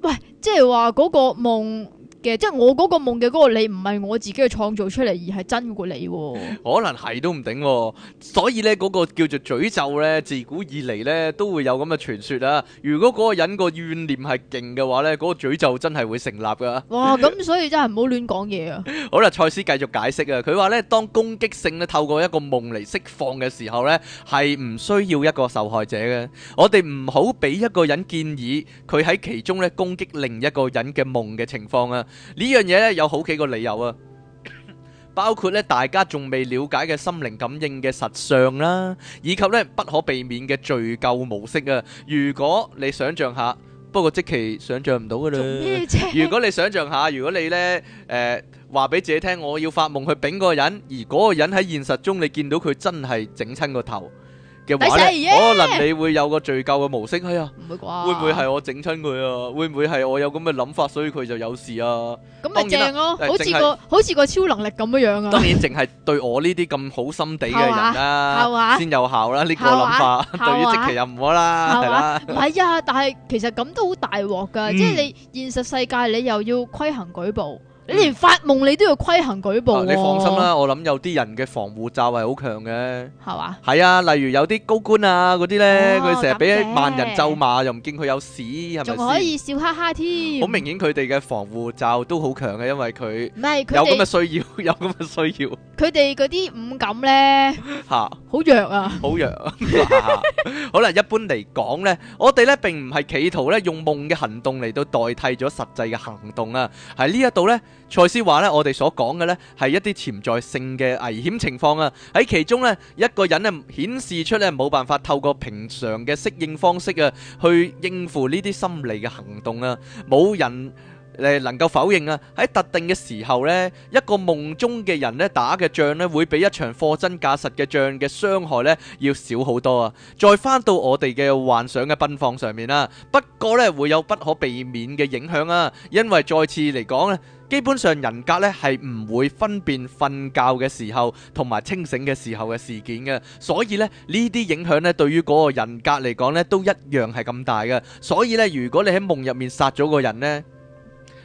喂，即係話嗰個夢。嘅，即係我嗰個夢嘅嗰個你，唔係我自己去創造出嚟，而係真個你。
可能係都唔定，所以咧嗰個叫做詛咒咧，自古以來咧都會有咁嘅傳說啦。如果嗰個人個怨念係勁嘅話咧，嗰個詛咒真係會成立噶。
哇，咁所以真係唔好亂講嘢啊！好
啦，塞斯繼續解釋啊，佢話咧，當攻擊性咧透過一個夢嚟釋放嘅時候咧，係唔需要一個受害者嘅。我哋唔好俾一個人建議佢喺其中咧攻擊另一個人嘅夢嘅情況啊。呢樣嘢咧有好幾個理由啊，包括咧大家仲未了解嘅心靈感應嘅實相啦，以及咧不可避免嘅罪咎模式啊。如果你想象下，不過即期想象唔到噶啦。如果你想象下，如果你呢誒話俾自己聽，我要發夢去丙嗰個人，而嗰個人喺現實中你見到佢真係整親個頭嘅話咧，可能你會有個罪疚嘅模式，係啊，唔會
啩？會唔會係
我整親佢啊？會唔會係我有咁嘅諗法，所以佢就有事啊？咁咪正咯，好似個
好似個超能力咁樣樣啊！
當然淨係對我呢啲咁好心地嘅人啦，先有效啦。呢個諗法對於直期又唔好啦，係啦。唔係啊，
但係其實咁都好大鑊噶，即係你現實世界你又要規行矩步。你連發夢你都要規行矩步。啊嗯，你放心啦，我
諗有啲人嘅防護罩係好強嘅，係嘛嗎？係啊，例如有啲高官啊嗰啲呢，佢成日俾萬人咒罵，又唔見佢有屎，係咪？仲可以
笑哈哈添？
好明顯佢哋嘅防護罩都好強嘅，因為佢有咁嘅需要，有咁嘅需要。
佢哋嗰啲五感呢，吓、啊，好弱啊，
好弱 啊。好啦，一般嚟講呢，我哋呢並唔係企圖呢用夢嘅行動嚟到代替咗實際嘅行動啊，喺呢一度呢。賽斯話咧：我哋所講嘅呢，係一啲潛在性嘅危險情況啊。喺其中呢，一個人呢，顯示出呢冇辦法透過平常嘅適應方式啊，去應付呢啲心理嘅行動啊。冇人誒能夠否認啊。喺特定嘅時候呢，一個夢中嘅人呢打嘅仗呢，會比一場貨真價實嘅仗嘅傷害呢要少好多啊。再翻到我哋嘅幻想嘅奔放上面啦，不過呢，會有不可避免嘅影響啊，因為再次嚟講呢基本上人格咧係唔會分辨瞓覺嘅時候同埋清醒嘅時候嘅事件嘅，所以咧，呢啲影響咧，對於嗰個人格嚟講咧都一樣係咁大嘅，所以咧，如果你喺夢入面殺咗個人咧。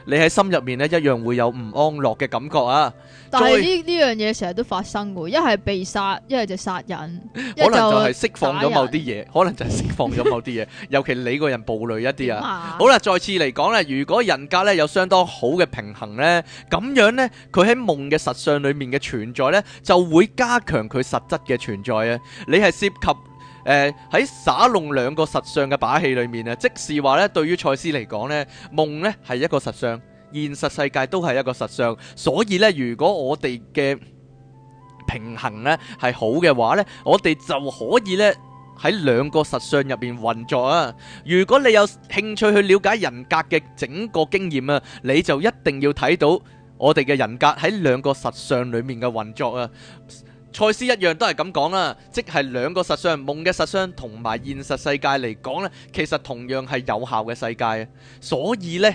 你喺心入面咧，一樣會有唔安樂嘅感覺啊！但係
呢呢樣嘢成日都發生嘅，一係被殺，一係就殺人，人可能就係釋放咗某
啲嘢， 可能就係釋放咗某啲嘢。尤其你個人暴戾一啲啊！啊好啦，再次嚟講咧，如果人格咧有相當好嘅平衡咧，咁樣咧佢喺夢嘅實相裏面嘅存在咧，就會加強佢實質嘅存在啊！你係涉及。誒，喺耍弄兩個實相嘅把戲裏面啊，即是話咧，對於賽斯嚟講咧，夢咧係一個實相，現實世界都係一個實相，所以呢，如果我哋嘅平衡咧係好嘅話呢，我哋就可以咧喺兩個實相入面運作啊。如果你有興趣去了解人格嘅整個經驗啊，你就一定要睇到我哋嘅人格喺兩個實相裏面嘅運作啊。賽斯一樣都係咁講啦，即係兩個實相，夢嘅實相同埋現實世界嚟講呢，其實同樣係有效嘅世界。所以呢，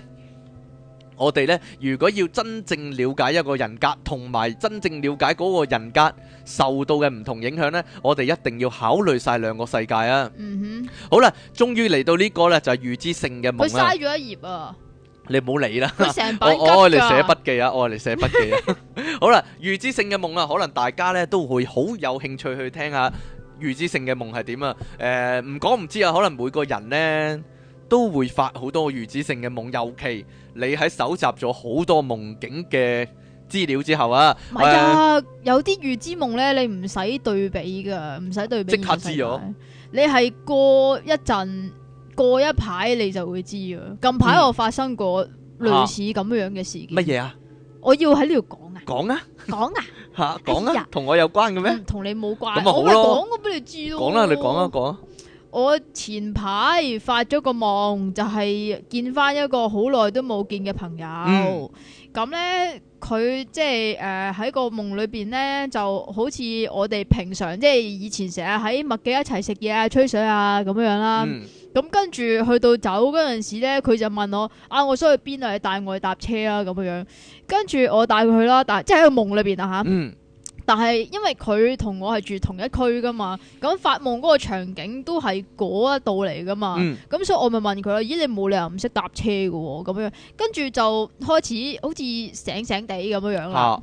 我哋呢如果要真正了解一個人格，同埋真正了解嗰個人格受到嘅唔同影響呢，我哋一定要考慮晒兩個世界啊。嗯
哼，
好啦，終於嚟到呢個呢，就係預知性嘅夢啦。佢嘥
咗一頁啊。
你唔好理啦，我愛嚟寫筆記啊，我嚟寫筆記啊， 好啦，預知性嘅夢啊，可能大家咧都會好有興趣去聽下預知性嘅夢係點啊，誒，唔講唔知啊，可能每個人咧都會發好多預知性嘅夢，尤其你喺搜集咗好多夢境嘅資料之後啊，係啊、呃，
有啲預知夢咧你唔使對比噶，唔使對比，即刻知咗，你係過一陣。過一排你就會知㗎。近排我發生過類似咁樣嘅事件。乜嘢、嗯、啊？啊我要喺呢度講
啊！講啊！講啊！吓，講啊！同、哎、呀我有關嘅咩？
同你冇關係。咁咪講咯。我咪講俾你知咯。講啦，你講一講。我前排發咗個夢，就係、是、見翻一個好耐都冇見嘅朋友。咁咧、嗯，佢即係誒喺個夢裏邊咧，就好似我哋平常即係以前成日喺麥記一齊食嘢啊、吹水啊咁樣樣啦。嗯咁跟住去到走嗰陣時咧，佢就問我：啊，我想去邊啊？你帶我去搭車啊，咁樣樣，跟住我帶佢去啦，即嗯、但即係喺個夢裏邊啊嚇。但係因為佢同我係住同一區噶嘛，咁發夢嗰個場景都係嗰一度嚟噶嘛。咁、嗯、所以我咪問佢咯：咦，你冇理由唔識搭車㗎喎？咁樣，跟住就開始好似醒醒地咁樣樣啦。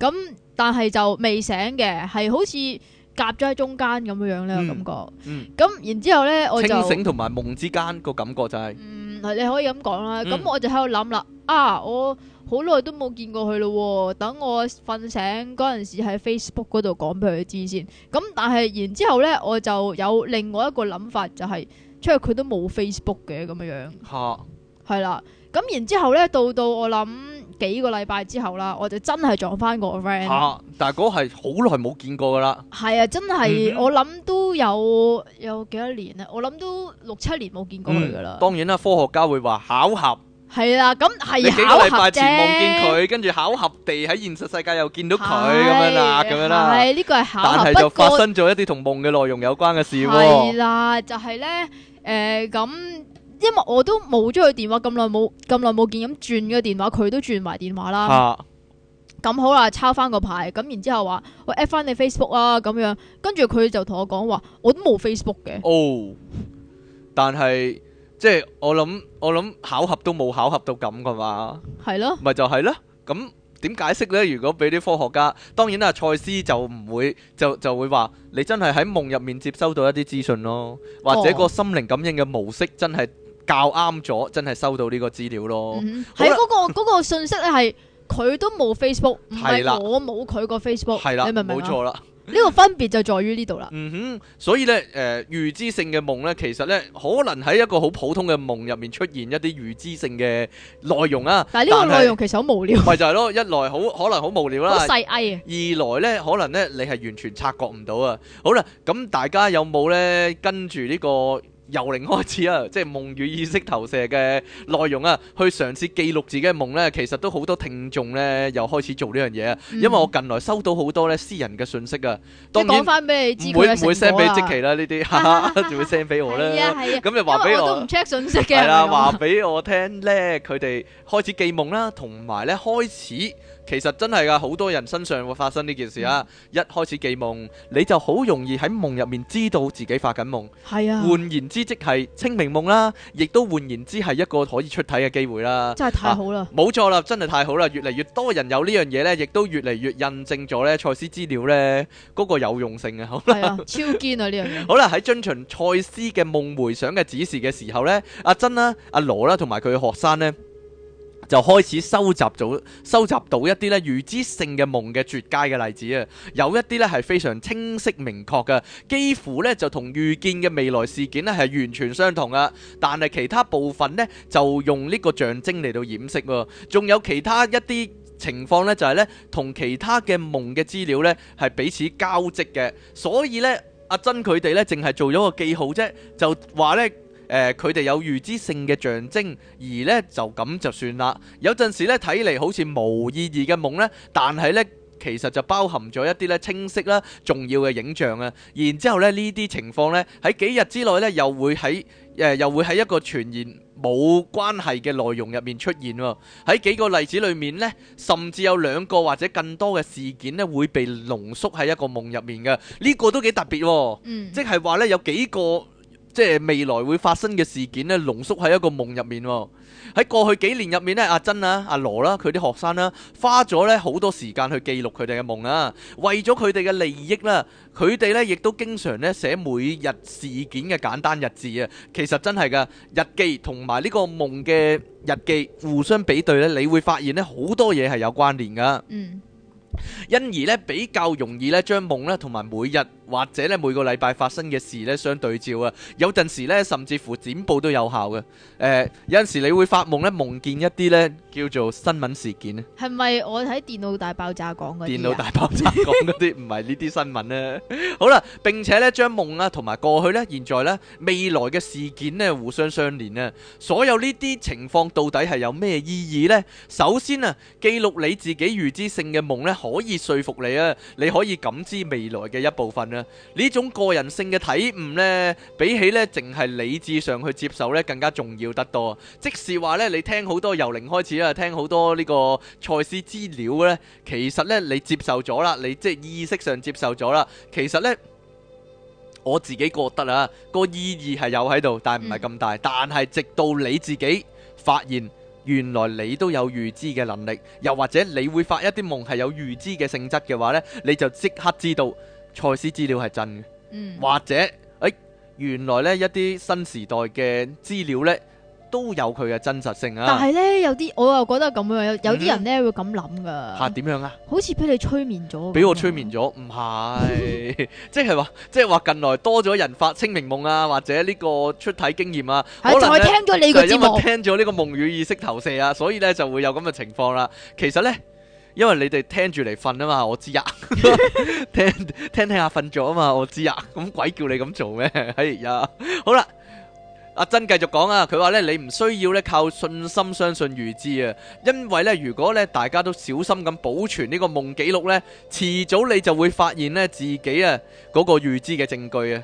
咁好 但係就未醒嘅，係好似～夾咗喺中間咁樣樣咧個感覺、嗯，咁、嗯、然之後咧我就清醒
同埋夢之間個感覺就係、
嗯，係你可以咁講啦。咁、嗯、我就喺度諗啦，啊我好耐都冇見過佢咯，等我瞓醒嗰陣時喺 Facebook 嗰度講俾佢知先。咁但係然之後咧我就有另外一個諗法，就係，出去。佢都冇 Facebook 嘅咁樣樣，係啦吓。咁然之後咧到到我諗。幾個禮拜之後啦，我就真係撞翻個 friend。吓、啊！
但係嗰係好耐冇見過噶啦。
係啊，真係、嗯、我諗都有有幾多年啦，我諗都六七年冇見過佢噶啦。
當然啦，科學家會話巧合。
係啦、啊，咁係巧合啫。你幾個禮拜前夢見佢，
跟住巧合地喺現實世界又見到佢咁是樣啦、啊，咁樣啦。係呢、啊，這個係巧合，但係就發生咗一啲同夢嘅內容有關嘅事、啊。係
啦、啊，就係、是、咧，誒、呃、咁。因為我都冇咗佢電話，咁耐冇咁耐冇見，咁轉嘅電話，佢都轉埋電話啦。咁、啊、好啦，抄翻個牌咁，然之後話我 add 翻你 Facebook 啦咁樣，他跟住佢就同我講話，我都冇 Facebook 嘅。
哦，但係即係我諗我諗巧合都冇巧合到咁嘅嘛。係咯是的，咪就係咯。咁點解釋呢？如果俾啲科學家，當然啦，賽斯就唔會就就會話你真係喺夢入面接收到一啲資訊咯，或者個心靈感應嘅模式真係。教啱咗，真係收到呢個資料咯。喺
嗰個信 息咧了，係佢都冇 Facebook，唔係我冇佢個 Facebook 了。係啦，你明唔明啊？冇錯啦，呢 個分別就在於呢度啦。
嗯哼，所以咧，誒、呃、預知性嘅夢咧，其實咧可能喺一個好普通嘅夢入面出現一啲預知性嘅內容啊。但呢個內容其實好無聊。咪是 就係咯，一來好可能好無聊啦，細藝啊。二來咧，可能咧你係完全察覺唔到啊。好啦，咁大家有冇咧跟住呢、呢個？由零開始啊，即係夢與意識投射嘅內容啊，去嘗試記錄自己嘅夢咧，其實都好多聽眾咧，又開始做呢樣嘢啊。嗯、因為我近來收到好多咧私人嘅信息啊，當然
翻俾你知，佢嘅唔會唔會 send 俾積奇
啦呢啲，哈哈，就會 send 俾我啦。係啊係啊，咁就話俾我，我都唔 check
信息嘅。係啦、啊，話
俾我聽咧，佢哋開始記夢啦，同埋咧開始。其實真係㗎，好多人身上會發生呢件事啊！嗯、一開始記夢，你就好容易喺夢入面知道自己發緊夢。係啊，換言之即係清明夢啦，亦都換言之係一個可以出體嘅機會啦、啊。真係太好啦！冇錯啦，真係太好啦！越嚟越多人有呢樣嘢呢，亦都越嚟越印證咗呢賽斯資料呢嗰、那個有用性啊！係啊，
超堅啊呢樣嘢！
好啦，喺遵循賽斯嘅夢回想嘅指示嘅時候呢，阿、啊、珍啦、阿羅啦同埋佢嘅學生呢。就開始收集到收集到一啲呢預知性嘅夢嘅絕佳嘅例子啊，有一啲呢係非常清晰明確嘅，幾乎呢就同預見嘅未來事件呢係完全相同啊，但係其他部分呢，就用呢個象徵嚟到掩飾喎，仲有其他一啲情況呢，就係呢同其他嘅夢嘅資料呢係彼此交織嘅，所以呢，阿珍佢哋呢，淨係做咗個記號啫，就話呢。誒佢哋有預知性嘅象徵，而咧就咁就算啦。有陣時咧睇嚟好似冇意義嘅夢咧，但係咧其實就包含咗一啲咧清晰啦重要嘅影像啊。然之後咧呢啲情況咧喺幾日之內咧又會喺誒又會喺一個完全冇關係嘅內容入面出現喎。喺幾個例子裏面咧，甚至有兩個或者更多嘅事件咧會被濃縮喺一個夢入面嘅，呢個都幾特別喎。嗯，即係話咧有幾個。即係未來會發生嘅事件呢，濃縮喺一個夢入面喎。喺過去幾年入面呢，阿珍啊、阿羅啦，佢啲學生啦，花咗呢好多時間去記錄佢哋嘅夢啊。為咗佢哋嘅利益啦，佢哋呢亦都經常呢寫每日事件嘅簡單日誌啊。其實真係噶日記同埋呢個夢嘅日記互相比對呢，你會發現呢好多嘢係有關聯噶。嗯，因而呢，比較容易呢將夢呢同埋每日。或者咧每個禮拜發生嘅事呢相對照啊，有陣時呢甚至乎剪報都有效嘅。誒有陣時你會發夢呢，夢見一啲呢叫做新聞事件呢。
係咪我喺電腦大爆炸講嗰電腦大
爆炸講嗰啲唔係呢啲新聞呢？好啦，並且呢將夢啊同埋過去呢、現在呢、未來嘅事件呢互相相連咧。所有呢啲情況到底係有咩意義呢？首先啊，記錄你自己預知性嘅夢呢，可以説服你啊，你可以感知未來嘅一部分啊。呢種個人性嘅體悟呢，比起呢淨係理智上去接受呢，更加重要得多。即係話呢，你聽好多由零開始啊，聽好多呢個賽事資料呢，其實呢，你接受咗啦，你即係意識上接受咗啦。其實呢，我自己覺得啊，個意義係有喺度，但係唔係咁大。嗯、但係直到你自己發現原來你都有預知嘅能力，又或者你會發一啲夢係有預知嘅性質嘅話呢，你就即刻知道。賽斯資料係真嘅，嗯、或者，哎，原來呢一啲新時代嘅資料呢都有佢嘅真實性啊！但係呢，
有啲我又覺得咁樣，有啲人呢、嗯、會咁諗噶嚇點樣啊？好似俾你催眠咗、啊，俾我
催眠咗，唔係，即係話，即係話近來多咗人發清明夢啊，或者呢個出體經驗啊，可能就係聽咗你字幕聽個節目，聽咗呢個夢與意識投射啊，所以呢就會有咁嘅情況啦。其實呢，因為你哋聽住嚟瞓啊嘛，我知呀 聽。聽聽聽下瞓咗啊嘛，我知呀。咁鬼叫你咁做咩？哎呀，好啦，阿珍繼續講啊。佢話呢，你唔需要咧靠信心相信預知啊。因為呢，如果呢大家都小心咁保存呢個夢記錄呢，遲早你就會發現呢自己啊嗰個預知嘅證據啊。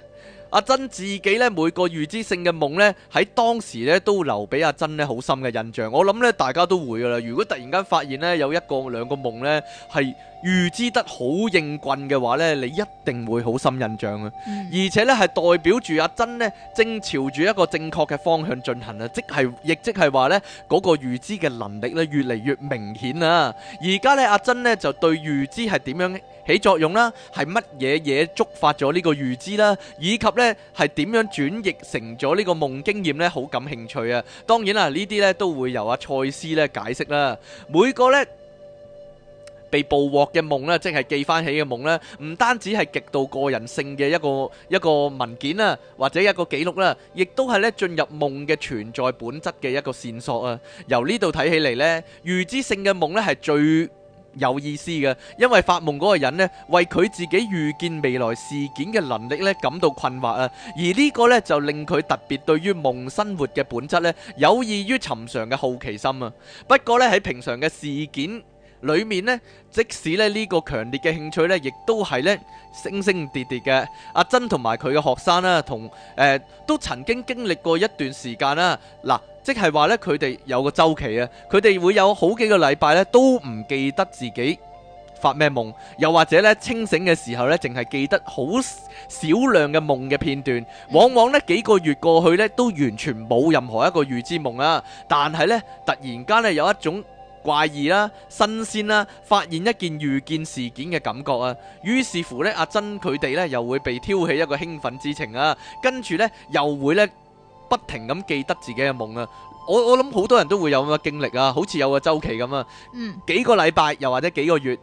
阿珍自己咧每個預知性嘅夢咧，喺當時咧都留俾阿珍咧好深嘅印象。我諗咧大家都會噶啦。如果突然間發現咧有一個兩個夢咧係，預知得好應棍嘅話咧，你一定會好深印象啊！而且咧，係代表住阿珍咧，正朝住一個正確嘅方向進行啊！即係亦即係話咧，嗰個預知嘅能力咧，越嚟越明顯啊！而家咧，阿珍咧就對預知係點樣起作用啦，係乜嘢嘢觸發咗呢個預知啦，以及咧係點樣轉譯成咗呢個夢經驗咧，好感興趣啊！當然啦，呢啲咧都會由阿賽斯咧解釋啦，每個咧。被捕獲嘅夢呢，即係記翻起嘅夢呢，唔單止係極度個人性嘅一個一個文件啦，或者一個記錄啦，亦都係咧進入夢嘅存在本質嘅一個線索啊。由呢度睇起嚟呢，預知性嘅夢咧係最有意思嘅，因為發夢嗰個人呢，為佢自己預見未來事件嘅能力咧感到困惑啊，而呢個呢，就令佢特別對於夢生活嘅本質呢，有異於尋常嘅好奇心啊。不過呢，喺平常嘅事件。裏面呢，即使咧呢、呢個強烈嘅興趣呢，亦都係呢升升跌跌嘅。阿珍同埋佢嘅學生啦、啊，同誒、呃、都曾經經歷過一段時間啦、啊。嗱、啊，即係話呢，佢哋有個周期啊，佢哋會有好幾個禮拜呢都唔記得自己發咩夢，又或者呢，清醒嘅時候呢，淨係記得好少量嘅夢嘅片段。往往呢幾個月過去呢，都完全冇任何一個預知夢啊。但係呢，突然間呢，有一種怪異啦、啊，新鮮啦、啊，發現一件預見事件嘅感覺啊，於是乎呢，阿珍佢哋呢，又會被挑起一個興奮之情啊，跟住呢，又會呢，不停咁記得自己嘅夢啊，我我諗好多人都會有咁嘅經歷啊，好似有個周期咁啊，嗯、幾個禮拜又或者幾個月。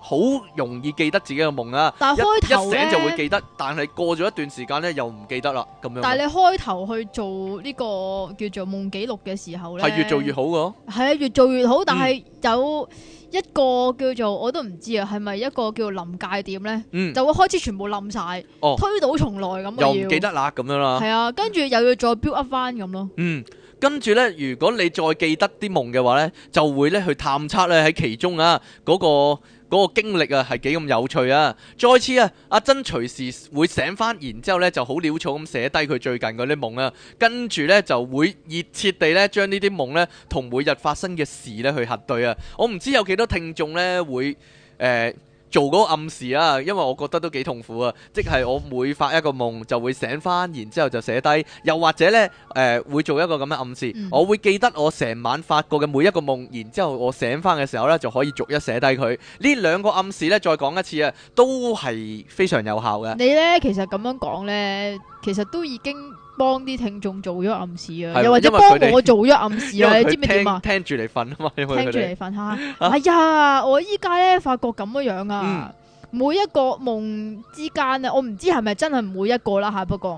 好容易記得自己嘅夢啊！但係開頭咧，一醒就會記得，但係過咗一段時間咧，又唔記得啦。咁樣。但係你
開頭去做呢個叫做夢記錄嘅時候咧，係越做越好㗎。係啊，越做越好，但係有一個叫做我都唔知啊，係咪一個叫做臨界點咧？嗯，就會開始全部冧曬。哦，推倒重來咁。又唔記得
啦，咁樣啦。係
啊，跟住又要再 build up 翻咁咯。嗯，
跟住咧，如果你再記得啲夢嘅話咧，就會咧去探測咧喺其中啊嗰個。嗰個經歷啊，係幾咁有趣啊！再次啊，阿珍隨時會醒返，然之後呢就好潦草咁寫低佢最近嗰啲夢啊，跟住呢就會熱切地呢將呢啲夢呢同每日發生嘅事呢去核對啊！我唔知有幾多聽眾呢會誒，呃做嗰個暗示啊，因為我覺得都幾痛苦啊，即係我每發一個夢就會醒返，然之後就寫低，又或者呢，誒，呃，會做一個咁嘅暗示，嗯，我會記得我成晚發過嘅每一個夢，然之後我醒返嘅時候呢，就可以逐一寫低佢。呢兩個暗示呢，再講一次啊，都係非常有效嘅。你
呢，其實咁樣講呢，其實都已經。幫啲聽眾做咗暗示啊，又或者幫我做咗暗示啊，你知唔知點啊？
聽住你瞓啊嘛，因聽住你瞓
嚇。哎呀，我依家咧發覺咁嘅樣啊，嗯、每一個夢之間啊，我唔知係咪真係每一個啦嚇，不過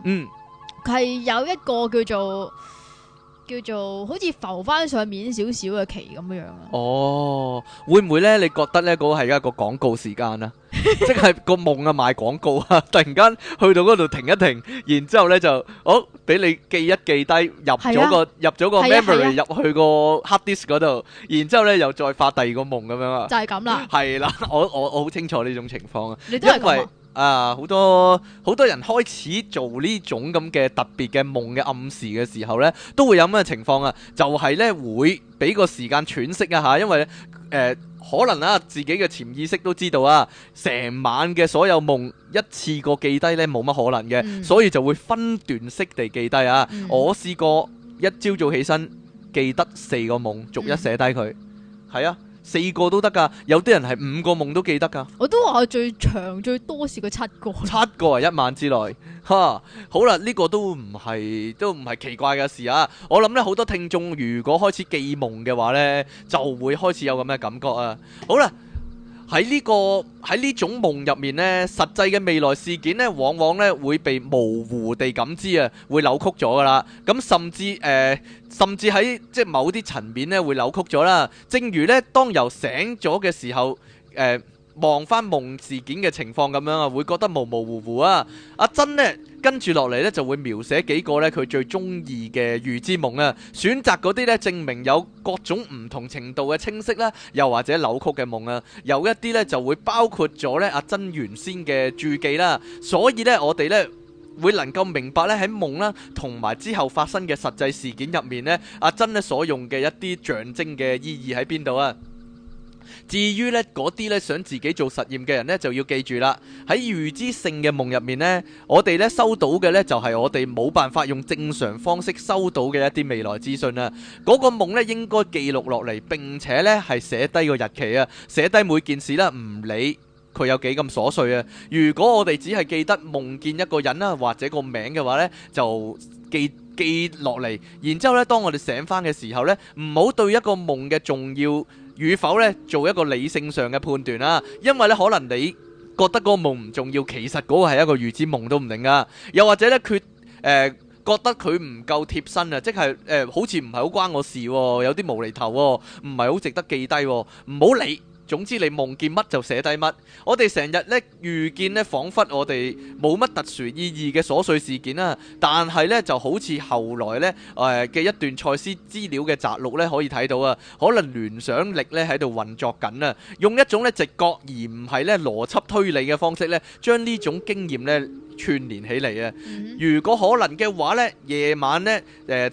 係、嗯、有一個叫做。叫做好似浮翻上，上面少少嘅旗咁樣啊！
哦，會唔會咧？你覺得咧個係一個廣告時間啊？ 即係個夢啊，賣廣告啊！突然間去到嗰度停一停，然之後咧就哦，俾你記一記低入咗個、啊、入咗個 memory 入、啊啊、去個 hard disk 嗰度，然之後咧又再發第二個夢咁樣啊！就係咁啦，係啦，我我我好清楚呢種情況啊，因為。啊，好多好多人開始做呢種咁嘅特別嘅夢嘅暗示嘅時候呢，都會有咩情況啊？就係呢，會俾個時間喘息一下，因為誒、呃、可能啊自己嘅潛意識都知道啊，成晚嘅所有夢一次過記低呢，冇乜可能嘅，嗯、所以就會分段式地記低啊。嗯、我試過一朝早起身記得四個夢，逐一寫低佢，係、嗯、啊。四個都得噶，有啲人係五個夢都記得噶。
我都話我最長最多是佢七個。七
個啊，一晚之內，吓，好啦，呢個都唔係都唔係奇怪嘅事啊。我諗咧，好多聽眾如果開始記夢嘅話咧，就會開始有咁嘅感覺啊。好啦。喺呢個喺呢種夢入面呢，實際嘅未來事件呢，往往呢會被模糊地感知啊，會扭曲咗噶啦。咁甚至誒，甚至喺即係某啲層面呢，會扭曲咗啦。正如呢，當由醒咗嘅時候誒。呃望翻夢事件嘅情況咁樣啊，會覺得模模糊糊啊。阿珍呢，跟住落嚟呢，就會描寫幾個呢佢最中意嘅預知夢啊。選擇嗰啲呢，證明有各種唔同程度嘅清晰啦、啊，又或者扭曲嘅夢啊。有一啲呢，就會包括咗呢阿珍原先嘅注記啦、啊。所以呢，我哋呢，會能夠明白呢喺夢啦，同埋之後發生嘅實際事件入面呢，阿珍呢所用嘅一啲象徵嘅意義喺邊度啊？至於咧嗰啲咧想自己做實驗嘅人呢，就要記住啦。喺預知性嘅夢入面呢，我哋咧收到嘅呢，就係、是、我哋冇辦法用正常方式收到嘅一啲未來資訊啊。嗰、那個夢呢，應該記錄落嚟，並且呢係寫低個日期啊，寫低每件事啦，唔理佢有幾咁瑣碎啊。如果我哋只係記得夢見一個人啦、啊，或者個名嘅話呢，就記記落嚟。然之後咧，當我哋醒翻嘅時候呢，唔好對一個夢嘅重要。與否咧，做一個理性上嘅判斷啦、啊，因為咧可能你覺得嗰個夢唔重要，其實嗰個係一個預知夢都唔定㗎。又或者咧，佢誒、呃、覺得佢唔夠貼身呀、呃、是啊，即係誒好似唔係好關我事喎，有啲無厘頭喎、啊，唔係好值得記低喎、啊，唔好理。總之你夢見乜就寫低乜。我哋成日咧遇見咧，彷彿我哋冇乜特殊意義嘅瑣碎事件啦。但係咧，就好似後來咧誒嘅一段賽斯資料嘅摘錄咧，可以睇到啊，可能聯想力咧喺度運作緊啊，用一種咧直覺而唔係咧邏輯推理嘅方式咧，將呢種經驗咧串連起嚟啊。如果可能嘅話咧，夜晚咧誒。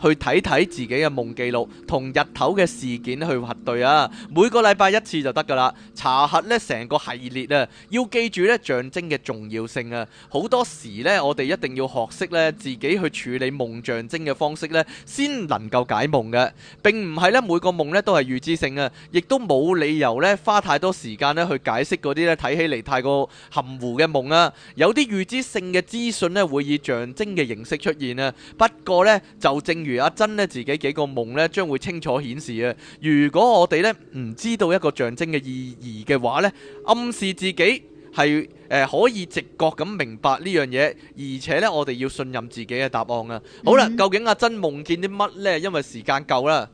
去睇睇自己嘅夢記錄同日頭嘅事件去核對啊，每個禮拜一次就得噶啦。查核咧成個系列啊，要記住咧象徵嘅重要性啊。好多時咧我哋一定要學識咧自己去處理夢象徵嘅方式咧，先能夠解夢嘅，並唔係咧每個夢咧都係預知性啊，亦都冇理由咧花太多時間咧去解釋嗰啲咧睇起嚟太過含糊嘅夢啊。有啲預知性嘅資訊咧會以象徵嘅形式出現啊，不過咧就正如。如阿珍呢自己幾個夢呢將會清楚顯示啊！如果我哋呢唔知道一個象徵嘅意義嘅話呢，暗示自己係誒可以直覺咁明白呢樣嘢，而且呢我哋要信任自己嘅答案啊！好啦，嗯、究竟阿珍夢見啲乜呢？因為時間夠啦，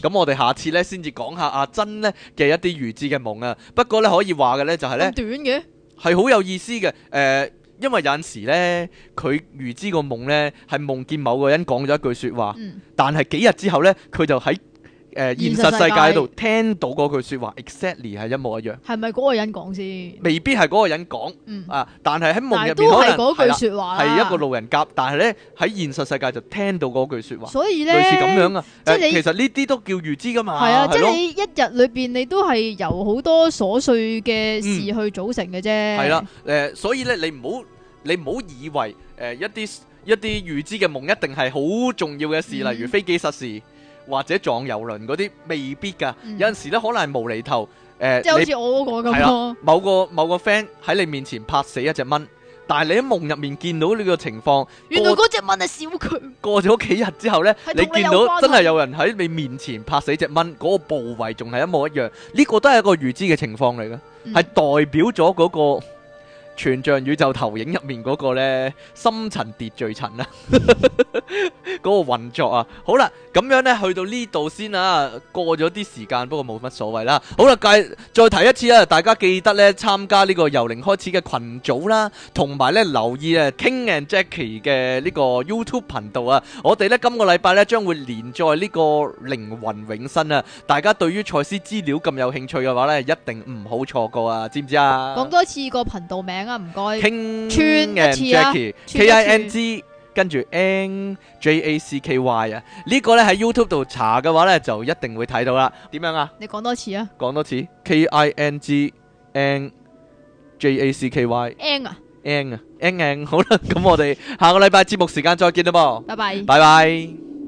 咁我哋下次呢先至講下阿珍呢嘅一啲預知嘅夢啊！不過呢可以話嘅呢，就係呢：咁短嘅係好有意思嘅誒。呃因為有陣時咧，佢預知個夢咧，係夢見某個人講咗一句說話，但係幾日之後咧，佢就喺誒現實世界度聽到嗰句説話，exactly 係一模一樣。
係咪嗰個人講先？
未必係嗰個人講啊，但係喺夢入面可能係啦，係一個路人甲，但係呢喺現實世界就聽到嗰句説話。所以呢，類似咁樣啊，即係你其實呢啲都叫預知㗎嘛。係啊，即係你一
日裏邊，你都係由好多瑣碎嘅事去組成嘅啫。係啦，
誒，所以呢，你唔好，你唔好以為誒一啲一啲預知嘅夢一定係好重要嘅事，例如飛機失事。或者撞遊輪嗰啲未必㗎，有陣時呢可能係無厘頭。誒，即係好似我
嗰個咁咯。
某個某個 friend 喺你面前拍死一隻蚊，但係你喺夢入面見到呢個情況，原來嗰
隻蚊係笑佢。
過咗幾日之後呢，你見到真係有人喺你面前拍死隻蚊，嗰個部位仲係一模一樣。呢個都係一個預知嘅情況嚟嘅，係代表咗嗰個。全像宇宙投影入面嗰個咧深層秩序層啊 嗰個運作啊，好啦，咁樣咧去到呢度先啊，過咗啲時間，不過冇乜所謂啦。好啦，介再提一次啊，大家記得咧參加呢個由零開始嘅群組啦，同埋咧留意啊 King and Jackie 嘅呢個 YouTube 頻道啊，我哋咧今個禮拜咧將會連載呢個靈魂永生啊，大家對於賽斯資料咁有興趣嘅話咧，一定唔好錯過啊，知唔知啊？講
多次個頻道名唔該，傾串一次啊！K I N G
跟住 N J A C K Y 啊，呢個呢喺 YouTube 度查嘅話呢，就一定會睇到啦。點樣啊？你
講多次啊？
講多次，K I N G N J A C K Y N 啊，N 啊，N N，好啦，咁我哋下個禮拜節目時間再見啦，噃，拜拜，拜拜。